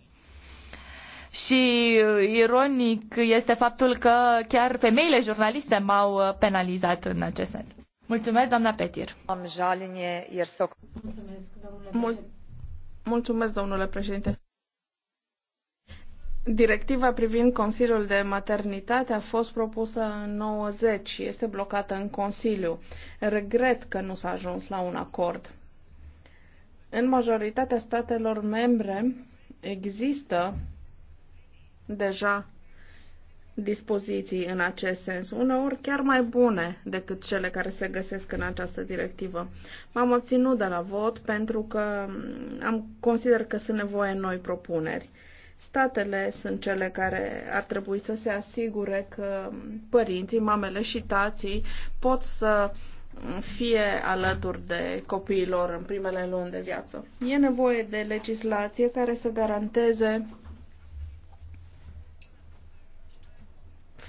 Și uh, ironic este faptul că chiar femeile jurnaliste m-au uh, penalizat în acest sens. Mulțumesc, doamna Petir. Am jalinje iar se... Mulțumesc, domnule președinte. Mulțumesc, domnule președinte. Directiva privind Consiliul de Maternitate a fost propusă în 90 și este blocată în Consiliu. Regret că nu s-a ajuns la un acord. În majoritatea statelor membre există deja dispoziții în acest sens, uneori chiar mai bune decât cele care se găsesc în această directivă. M-am obținut de la vot pentru că mm, am consider că sunt nevoie noi propuneri. Statele sunt cele care ar trebui să se asigure că părinții, mamele și tații pot să fie alături de copiilor în primele luni de viață. E nevoie de legislație care să garanteze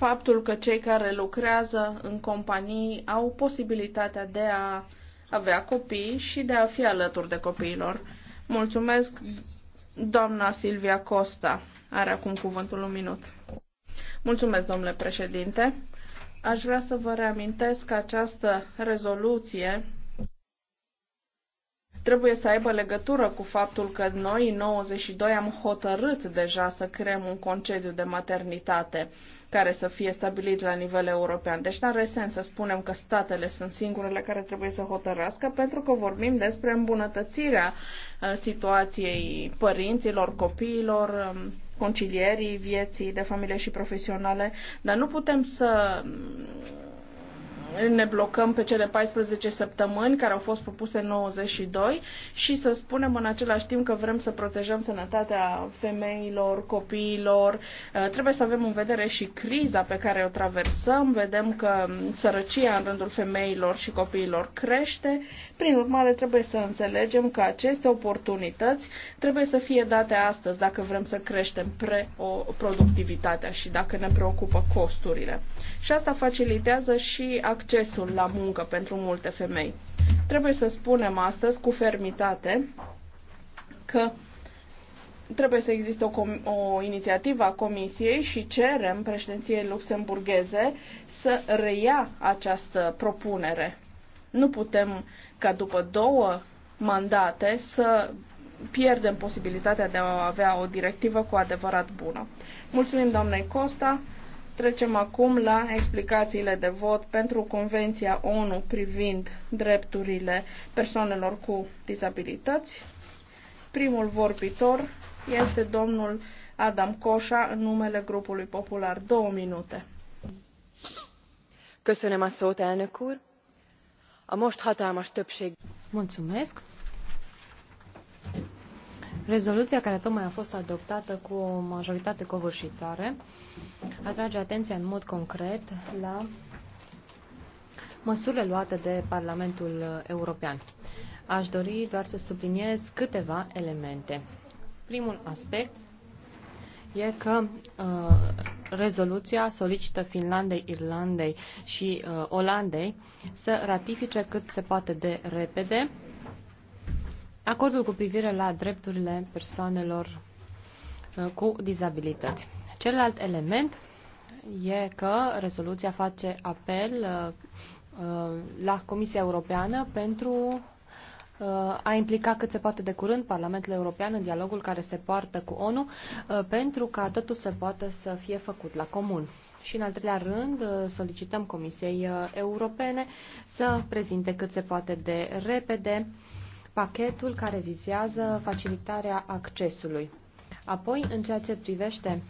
faptul că cei care lucrează în companii au posibilitatea de a avea copii și de a fi alături de copiilor. Mulțumesc, doamna Silvia Costa. Are acum cuvântul un minut. Mulțumesc, domnule președinte. Aș vrea să vă reamintesc că această rezoluție trebuie să aibă legătură cu faptul că noi 92 am hotărât deja să creăm un concediu de maternitate care să fie stabilit la nivel european. Deci nu are sens să spunem că statele sunt singurele care trebuie să hotărască, pentru că vorbim despre îmbunătățirea uh, situației părinților, copiilor, um, concilierii vieții de familie și profesionale, dar nu putem să ne blocăm pe cele 14 săptămâni care au fost propuse în 92 și să spunem în același timp că vrem să protejăm sănătatea femeilor, copiilor. Uh, trebuie să avem în vedere și criza pe care o traversăm. Vedem că mm, sărăcia în rândul femeilor și copiilor crește. Prin urmare, trebuie să înțelegem că aceste oportunități trebuie să fie date astăzi dacă vrem să creștem pre o productivitatea și dacă ne preocupă costurile. Și asta facilitează și accesul la muncă pentru multe femei. Trebuie să spunem astăzi cu fermitate că trebuie să existe o, o inițiativă a Comisiei și cerem președinției luxemburgheze să reia această propunere. Nu putem ca după două mandate să pierdem posibilitatea de a avea o directivă cu adevărat bună. Mulțumim doamnei Costa. Trecem acum la explicațiile de vot pentru Convenția ONU privind drepturile persoanelor cu dizabilități. Primul vorbitor este domnul Adam Coșa în numele grupului popular. Două minute. Köszönöm a szót, elnök úr! a most hatalmas többség. Mulțumesc. Rezoluția care tocmai a fost adoptată cu o majoritate covârșitoare atrage atenția în mod concret la măsurile luate de Parlamentul European. Aș dori doar să subliniez câteva elemente. Primul aspect e că uh, rezoluția solicită Finlandei, Irlandei și uh, Olandei să ratifice cât se poate de repede acordul cu privire la drepturile persoanelor uh, cu dizabilități. Celălalt element e că rezoluția face apel uh, uh la Comisia Europeană pentru Uh, a implica cât se poate de curând Parlamentul European în dialogul care se poartă cu ONU uh, pentru ca totul să poată să fie făcut la comun. Și în al treilea rând uh, solicităm Comisiei Europene să prezinte cât se poate de repede pachetul care vizează facilitarea accesului. Apoi, în ceea ce privește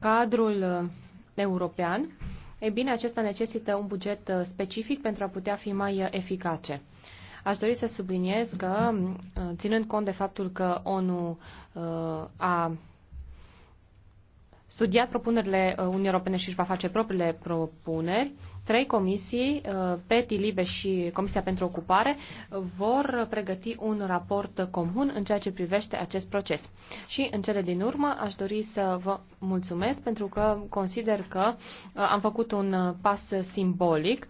cadrul european, e bine, acesta necesită un buget specific pentru a putea fi mai eficace. Aș dori să subliniez că, uh, ținând cont de faptul că ONU uh, a studiat propunerile uh, Uniunii Europene și își va face propriile propuneri, trei comisii, PETI, LIBE și Comisia pentru Ocupare, vor pregăti un raport comun în ceea ce privește acest proces. Și în cele din urmă aș dori să vă mulțumesc pentru că consider că am făcut un pas simbolic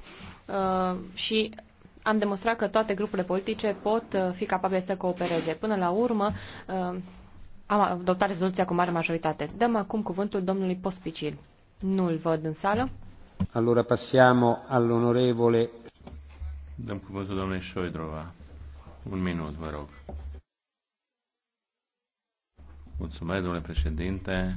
și am demonstrat că toate grupurile politice pot uh, fi capabile să coopereze. Până la urmă, uh, am adoptat rezoluția cu mare majoritate. Dăm acum cuvântul domnului Pospicil. Nu-l văd în sală. Allora passiamo all'onorevole. Dăm cuvântul domnului Șoidrova. Un minut, vă rog. Mulțumesc, domnule președinte.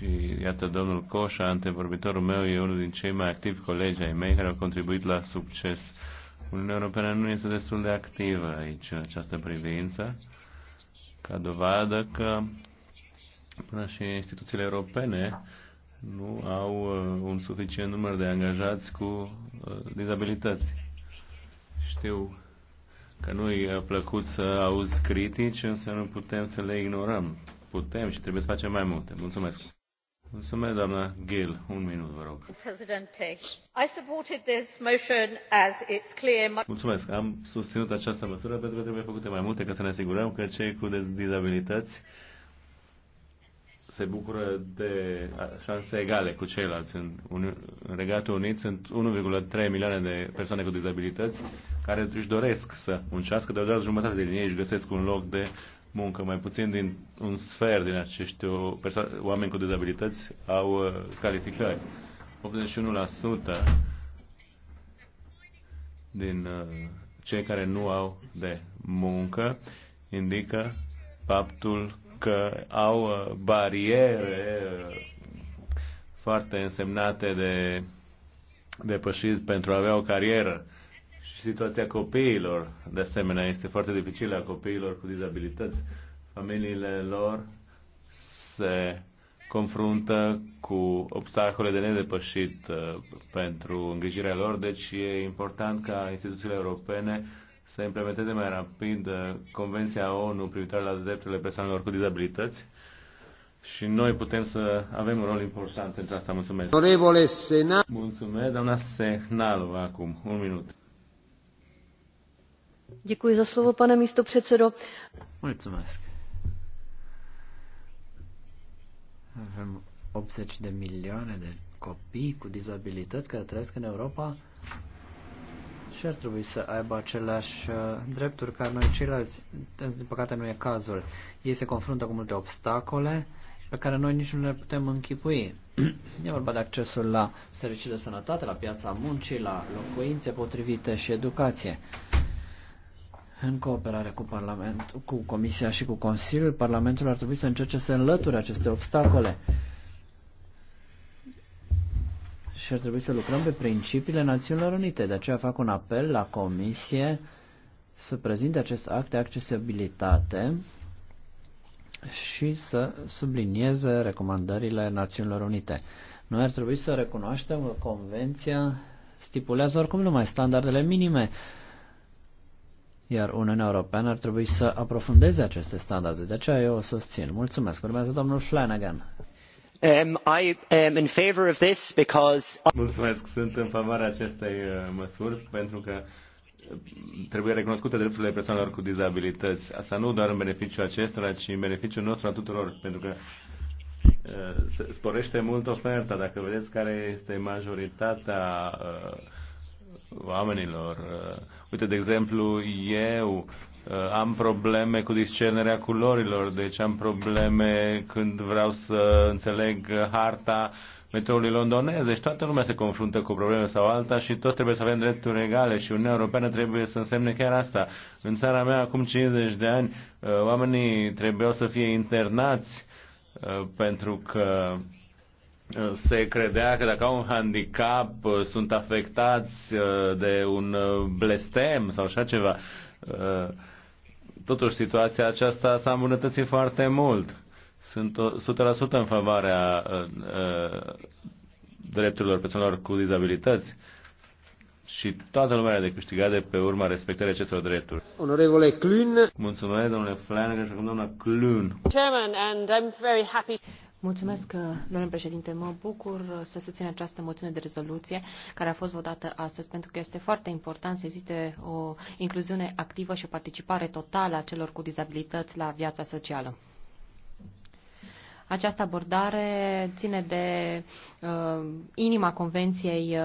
și iată domnul Coșa, antevorbitorul meu, e unul din cei mai activi colegi ai mei care au contribuit la succes. Uniunea Europeană nu este destul de activă aici în această privință, ca dovadă că până și instituțiile europene nu au uh, un suficient număr de angajați cu uh, dizabilități. Știu că nu i plăcut să auzi critici, însă nu putem să le ignorăm. Putem și trebuie să facem mai multe. Mulțumesc! Mulțumesc, Gill. Un minut, vă rog. Mulțumesc. Am susținut această măsură pentru că trebuie făcute mai multe ca să ne asigurăm că cei cu dizabilități se bucură de șanse egale cu ceilalți. În, în Regatul Unit sunt 1,3 milioane de persoane cu dizabilități care își doresc să muncească, dar doar jumătate din ei își găsesc un loc de muncă. Mai puțin din un sfert din acești oameni cu dizabilități au uh, calificări. 81% din uh, cei care nu au de muncă indică faptul că au uh, bariere foarte însemnate de depășit pentru a avea o carieră. Și situația copiilor, de asemenea, este foarte dificilă a copiilor cu dizabilități. Familiile lor se confruntă cu obstacole de nedepășit uh, pentru îngrijirea lor, deci e important ca instituțiile europene să implementeze mai rapid uh, Convenția ONU privitoare la drepturile persoanelor cu dizabilități și noi putem să avem un rol important pentru asta. Mulțumesc. Mulțumesc, doamna Sehnalu, acum. Un minut za slovo, pane předsedající Mulțumesc. Avem 80 de milioane de copii cu dizabilități care trăiesc în Europa și ar trebui să aibă aceleași uh, drepturi ca noi ceilalți. Din păcate nu e cazul. Ei se confruntă cu multe obstacole pe care noi nici nu le putem închipui. [CLEARS THROAT] E vorba de accesul la servicii de sănătate, la piața muncii, la locuințe potrivite și educație. În cooperare cu, Parlament, cu Comisia și cu Consiliul, Parlamentul ar trebui să încerce să înlăture aceste obstacole și ar trebui să lucrăm pe principiile Națiunilor Unite. De aceea fac un apel la Comisie să prezinte acest act de accesibilitate și să sublinieze recomandările Națiunilor Unite. Noi ar trebui să recunoaștem că Convenția stipulează oricum numai standardele minime iar Uniunea Europeană ar trebui să aprofundeze aceste standarde. De aceea eu o susțin. Mulțumesc. Urmează domnul Flanagan. Um, I am in favor of this because... Mulțumesc. Sunt în favoarea acestei uh, măsuri pentru că uh, trebuie recunoscute drepturile persoanelor cu dizabilități. Asta nu doar în beneficiul acestora, ci în beneficiul nostru a tuturor, pentru că uh, sporește mult oferta. Dacă vedeți care este majoritatea oamenilor. Uh, uite, de exemplu, eu uh, am probleme cu discernerea culorilor, deci am probleme când vreau să înțeleg harta metroului londonez. Deci toată lumea se confruntă cu o problemă sau alta și toți trebuie să avem drepturi egale și Uniunea Europeană trebuie să însemne chiar asta. În țara mea, acum 50 de ani, uh, oamenii trebuiau să fie internați pentru că se credea că dacă au un handicap uh, sunt afectați uh, de un uh, blestem sau așa ceva. Totuși, situația aceasta s-a îmbunătățit foarte mult. Sunt 100% în favoarea drepturilor persoanelor cu dizabilități și toată lumea are de câștigat de pe urma respectării acestor drepturi. Onorevole Clun. Mulțumesc, domnule Flanagan, și acum doamna Clun. Chairman, and I'm very happy. Mulțumesc, uh, domnule președinte. Mă bucur uh, să susțin această moțiune de rezoluție care a fost votată astăzi, pentru că este foarte important să existe o incluziune activă și o participare totală a celor cu dizabilități la viața socială. Această abordare ține de uh, inima Convenției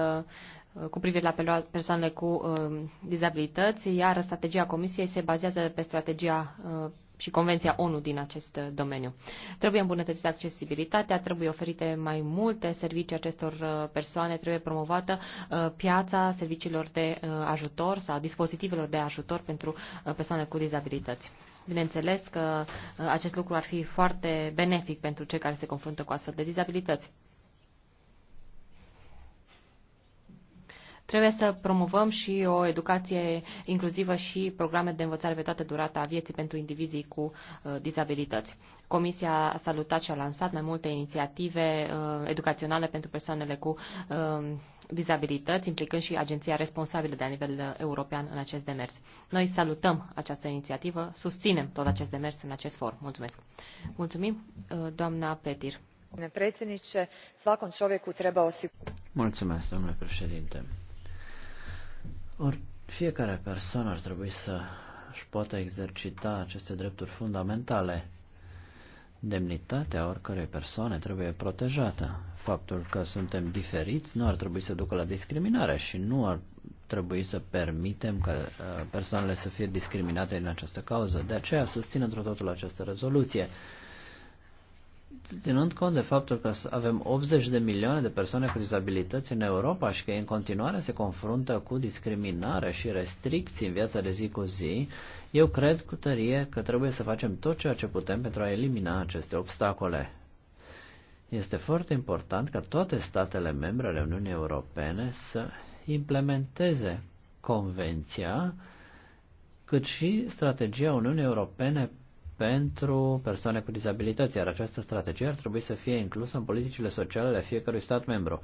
uh, cu privire la persoanele cu uh, dizabilități, iar strategia Comisiei se bazează pe strategia uh, și Convenția ONU din acest uh, domeniu. Trebuie îmbunătățită accesibilitatea, trebuie oferite mai multe servicii acestor uh, persoane, trebuie promovată uh, piața serviciilor de ajutor sau dispozitivelor de ajutor pentru persoane cu dizabilități. Bineînțeles că acest lucru ar fi foarte benefic pentru cei care se confruntă cu astfel de dizabilități. Trebuie să promovăm și o educație inclusivă și programe de învățare pe toată durata vieții pentru indivizii cu uh, dizabilități. Comisia a salutat și a lansat mai multe inițiative uh, educaționale pentru persoanele cu uh, dizabilități, implicând și agenția responsabilă de la nivel european în acest demers. Noi salutăm această inițiativă, susținem tot acest demers în acest for. Mulțumesc. Mulțumim, doamna Petir. Mulțumesc, domnule președinte Or, fiecare persoană ar trebui să își poată exercita aceste drepturi fundamentale. Demnitatea oricărei persoane trebuie protejată. Faptul că suntem diferiți nu ar trebui să ducă la discriminare și nu ar trebui să permitem ca uh, persoanele să fie discriminate în această cauză. De aceea susțin într totul această rezoluție ținând cont de faptul că avem 80 de milioane de persoane cu dizabilități în Europa și că în continuare se confruntă cu discriminare și restricții în viața de zi cu zi, eu cred cu tărie că trebuie să facem tot ceea ce putem pentru a elimina aceste obstacole. Este foarte important ca toate statele membre ale Uniunii Europene să implementeze convenția, cât și strategia Uniunii Europene pentru persoane cu dizabilități, iar această strategie ar trebui să fie inclusă în politicile sociale ale fiecărui stat membru.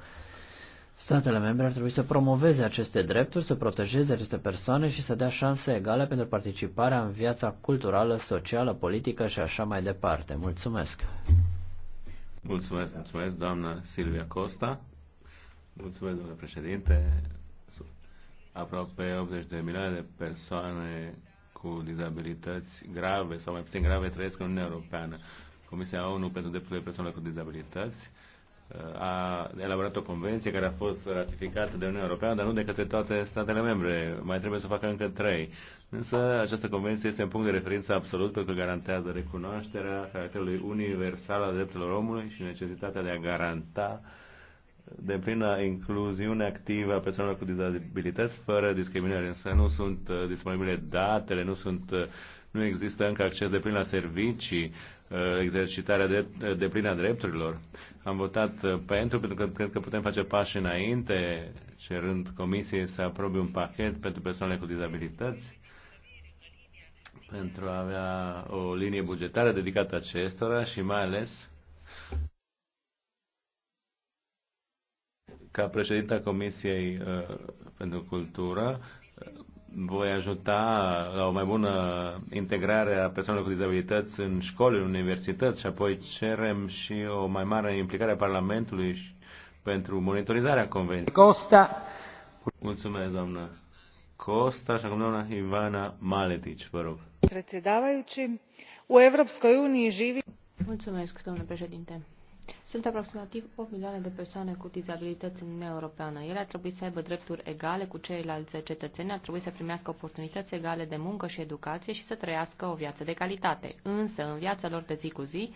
Statele membre ar trebui să promoveze aceste drepturi, să protejeze aceste persoane și să dea șanse egale pentru participarea în viața culturală, socială, politică și așa mai departe. Mulțumesc! Mulțumesc, mulțumesc, doamna Silvia Costa. Mulțumesc, domnule președinte. Aproape 80 de milioane de persoane cu dizabilități grave sau mai puțin grave trăiesc în Uniunea Europeană. Comisia ONU pentru drepturile persoanelor cu dizabilități uh, a elaborat o convenție care a fost ratificată de Uniunea Europeană, dar nu de către toate statele membre. Mai trebuie să facă încă trei. Însă această convenție este un punct de referință absolut pentru că garantează recunoașterea caracterului universal al drepturilor omului și necesitatea de a garanta uh, de plină incluziune activă a persoanelor cu dizabilități fără discriminare. Însă nu sunt uh, disponibile datele, nu, sunt, uh, nu există încă acces de plin la servicii, uh, exercitarea de, de plină a drepturilor. Am votat pentru, pentru că cred că putem face pași înainte, cerând Comisiei să aprobe un pachet pentru persoanele cu dizabilități pentru a avea o linie bugetară dedicată acestora și mai ales Ca a Comisiei uh, pentru Cultură, voi ajuta la o mai bună integrare a persoanelor cu dizabilități în școli, în universități și apoi cerem și o mai mare implicare a Parlamentului pentru monitorizarea convenției. Costa. Mulțumesc, doamnă Costa și acum doamna Ivana Maletic, vă rog. Mulțumesc, domnule președinte. Sunt aproximativ 8 milioane de persoane cu dizabilități în Uniunea Europeană. Ele ar trebui să aibă drepturi egale cu ceilalți cetățeni, ar trebui să primească oportunități egale de muncă și educație și să trăiască o viață de calitate. Însă, în viața lor de zi cu zi,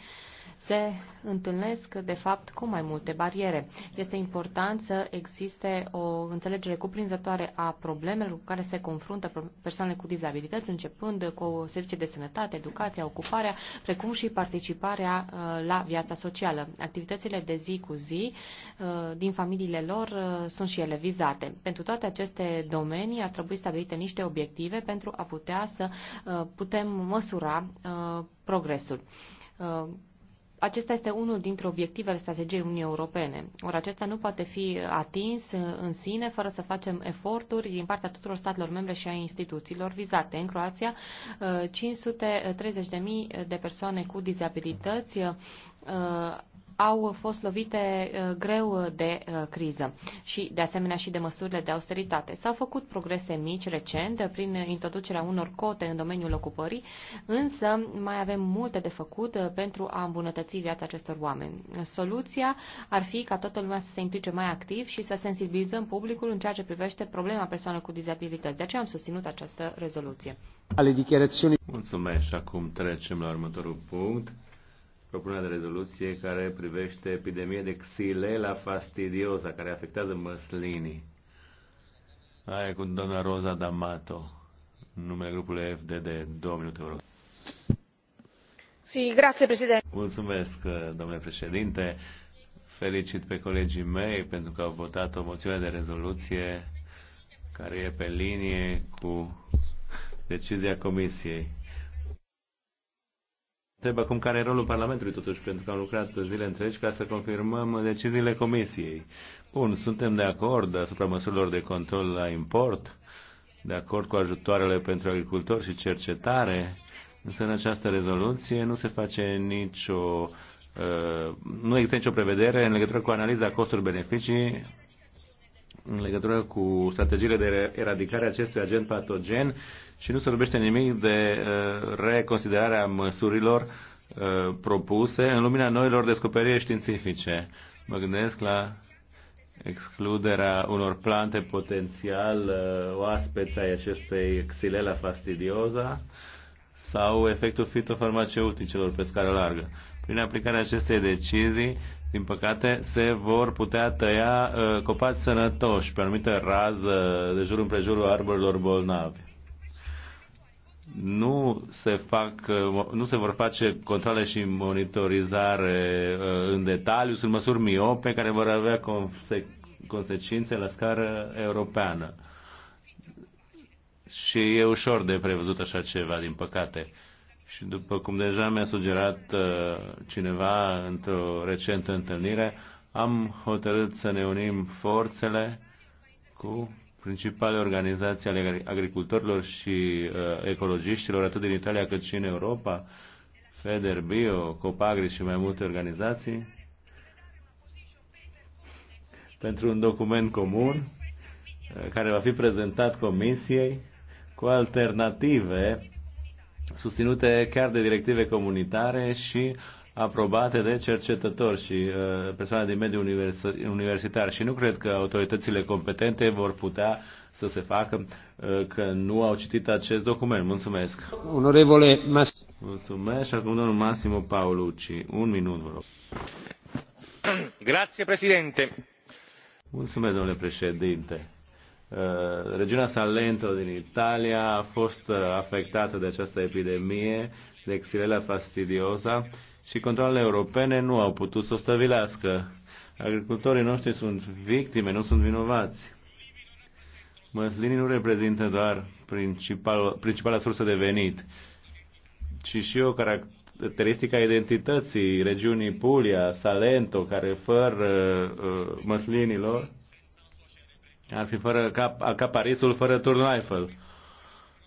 se întâlnesc, de fapt, cu mai multe bariere. Este important să existe o înțelegere cuprinzătoare a problemelor cu care se confruntă persoanele cu dizabilități, începând cu servicii de sănătate, educația, ocuparea, precum și participarea uh, la viața socială activitățile de zi cu zi uh, din familiile lor uh, sunt și ele vizate. Pentru toate aceste domenii ar trebui stabilite niște obiective pentru a putea să uh, putem măsura progresul. Acesta este unul dintre obiectivele strategiei Uniunii Europene. Ori acesta nu poate fi atins în sine fără să facem eforturi din partea tuturor statelor membre și a instituțiilor vizate. În Croația, 530.000 de persoane cu dizabilități au fost lovite uh, greu de uh, criză și, de asemenea, și de măsurile de austeritate. S-au făcut progrese mici recent prin introducerea unor cote în domeniul ocupării, însă mai avem multe de făcut uh, pentru a îmbunătăți viața acestor oameni. Soluția ar fi ca toată lumea să se implice mai activ și să sensibilizăm publicul în ceea ce privește problema persoanelor cu dizabilități. De aceea am susținut această rezoluție. Mulțumesc și Acum trecem la următorul punct propunerea de rezoluție care privește epidemia de Xylella fastidiosa care afectează măslinii. Aia cu doamna Rosa D'Amato, numele grupului FDD, două minute, vă rog. grazie, președinte. Mulțumesc, domnule președinte. Felicit pe colegii mei pentru că au votat o moțiune de rezoluție care e pe linie cu decizia Comisiei Trebuie acum care e rolul Parlamentului, totuși, pentru că am lucrat zile întregi ca să confirmăm deciziile Comisiei. Bun, suntem de acord asupra măsurilor de control la import, de acord cu ajutoarele pentru agricultori și cercetare, însă în această rezoluție nu se face nicio. Uh, nu există nicio prevedere în legătură cu analiza costuri-beneficii în legătură cu strategiile de eradicare a acestui agent patogen și nu se vorbește nimic de uh, reconsiderarea măsurilor uh, propuse în lumina noilor descoperiri științifice. Mă gândesc la excluderea unor plante potențial uh, oaspeți ai acestei xilela fastidioza sau efectul fitofarmaceuticelor pe scară largă. Prin aplicarea acestei decizii, din păcate, se vor putea tăia copaci sănătoși pe anumită rază de jur împrejurul arborilor bolnavi nu se, fac, nu se vor face controle și monitorizare uh, în detaliu, sunt măsuri miope care vor avea conse- consecințe la scară europeană. Și e ușor de prevăzut așa ceva, din păcate. Și după cum deja mi-a sugerat uh, cineva într-o recentă întâlnire, am hotărât să ne unim forțele cu principale organizații ale agricultorilor și uh, ecologiștilor, atât din Italia cât și în Europa, FEDER, BIO, COPAGRI și mai multe organizații, pentru un document comun uh, care va fi prezentat Comisiei cu alternative susținute chiar de directive comunitare și aprobate de cercetători și uh, persoane din mediul univers universitar și nu cred că autoritățile competente vor putea să se facă uh, că nu au citit acest document. Mulțumesc. Onorevole Mas- Mulțumesc. Acum domnul Massimo Paolucci. Un minut, vă rog. Grazie, președinte. Mulțumesc, domnule președinte. Uh, regiunea Salento din Italia a fost uh, afectată de această epidemie de Xylella fastidiosa și controlele europene nu au putut să o stăvilească. Agricultorii noștri sunt victime, nu sunt vinovați. Măslinii nu reprezintă doar principal, principala sursă de venit, ci și o caracteristică a identității regiunii Puglia, Salento, care fără uh, măslinilor ar fi fără cap, acaparisul fără turnul Eiffel.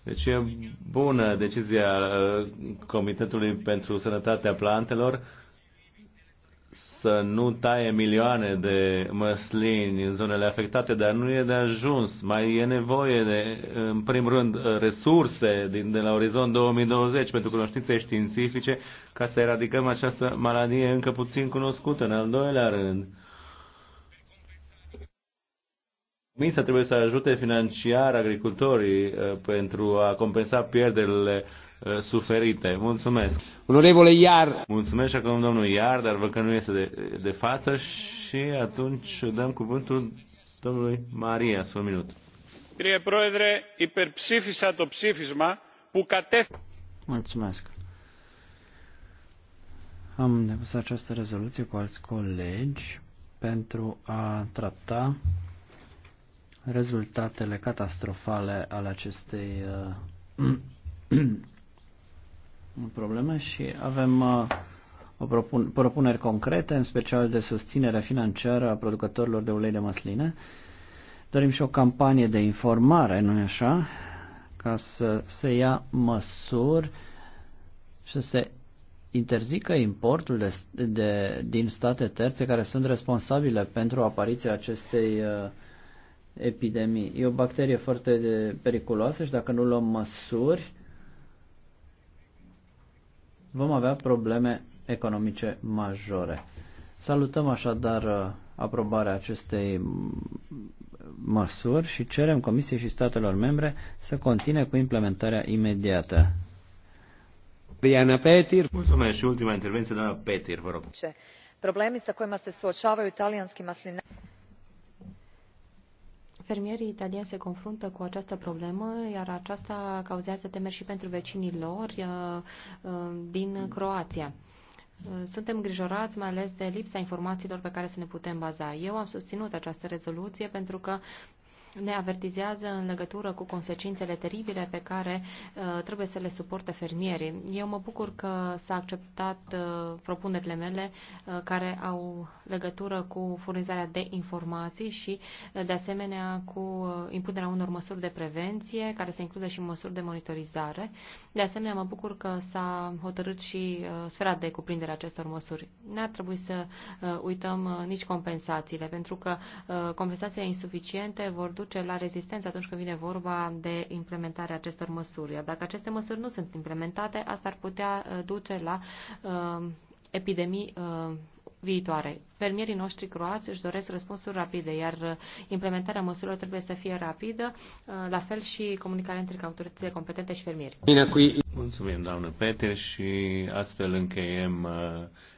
Deci e bună decizia uh, Comitetului pentru Sănătatea Plantelor să nu taie milioane de măslini în zonele afectate, dar nu e de ajuns. Mai e nevoie de, în primul rând, uh, resurse din, de la Orizont 2020 pentru cunoștințe științifice ca să eradicăm această maladie încă puțin cunoscută. În al doilea rând, uh, Mința trebuie să ajute financiar agricultorii uh, pentru a compensa pierderile uh, suferite. Mulțumesc. Onorevole Iar. Mulțumesc și acum domnul Iar, dar văd că nu este de, de față și atunci dăm cuvântul domnului Maria, un minut. Prie proedre, υπερψήφισα to psifisma, pucate... Mulțumesc. Am depus această rezoluție cu alți colegi pentru a trata rezultatele catastrofale ale acestei uh, [CLEARS THROAT] probleme și avem uh, o propun propuneri concrete, în special de susținere financiară a producătorilor de ulei de măsline. Dorim și o campanie de informare, nu-i așa, ca să se ia măsuri și să se interzică importul de, de, din state terțe care sunt responsabile pentru apariția acestei uh, epidemii. E o bacterie foarte periculoasă și dacă nu luăm măsuri, vom avea probleme economice majore. Salutăm așadar uh, aprobarea acestei măsuri și cerem Comisiei și statelor membre să continue cu implementarea imediată. Diana Petir. Mulțumesc și ultima intervenție, doamna Petir, vă rog. Problemi sa kojima se suočavaju italijanski maslinari Fermierii italieni se confruntă cu această problemă, iar aceasta cauzează temeri și pentru vecinii lor uh, uh, din Croația. Uh, suntem îngrijorați mai ales de lipsa informațiilor pe care să ne putem baza. Eu am susținut această rezoluție pentru că ne avertizează în legătură cu consecințele teribile pe care uh, trebuie să le suporte fermierii. Eu mă bucur că s-a acceptat uh, propunerile mele uh, care au legătură cu furnizarea de informații și, uh, de asemenea, cu uh, impunerea unor măsuri de prevenție, care se include și măsuri de monitorizare. De asemenea, mă bucur că s-a hotărât și uh, sfera de cuprindere a acestor măsuri. ne ar trebui să uh, uităm uh, nici compensațiile, pentru că uh, compensațiile insuficiente vor duce la rezistență atunci când vine vorba de implementarea acestor măsuri. Iar dacă aceste măsuri nu sunt implementate, asta ar putea uh, duce la uh, epidemii uh, viitoare. Fermierii noștri croați își doresc răspunsuri rapide, iar uh, implementarea măsurilor trebuie să fie rapidă, uh, la fel și comunicarea între autoritățile competente și fermieri. Bine, cu... Mulțumim, doamnă Peter, și astfel încheiem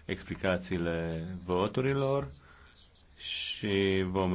explicațiile voturilor și vom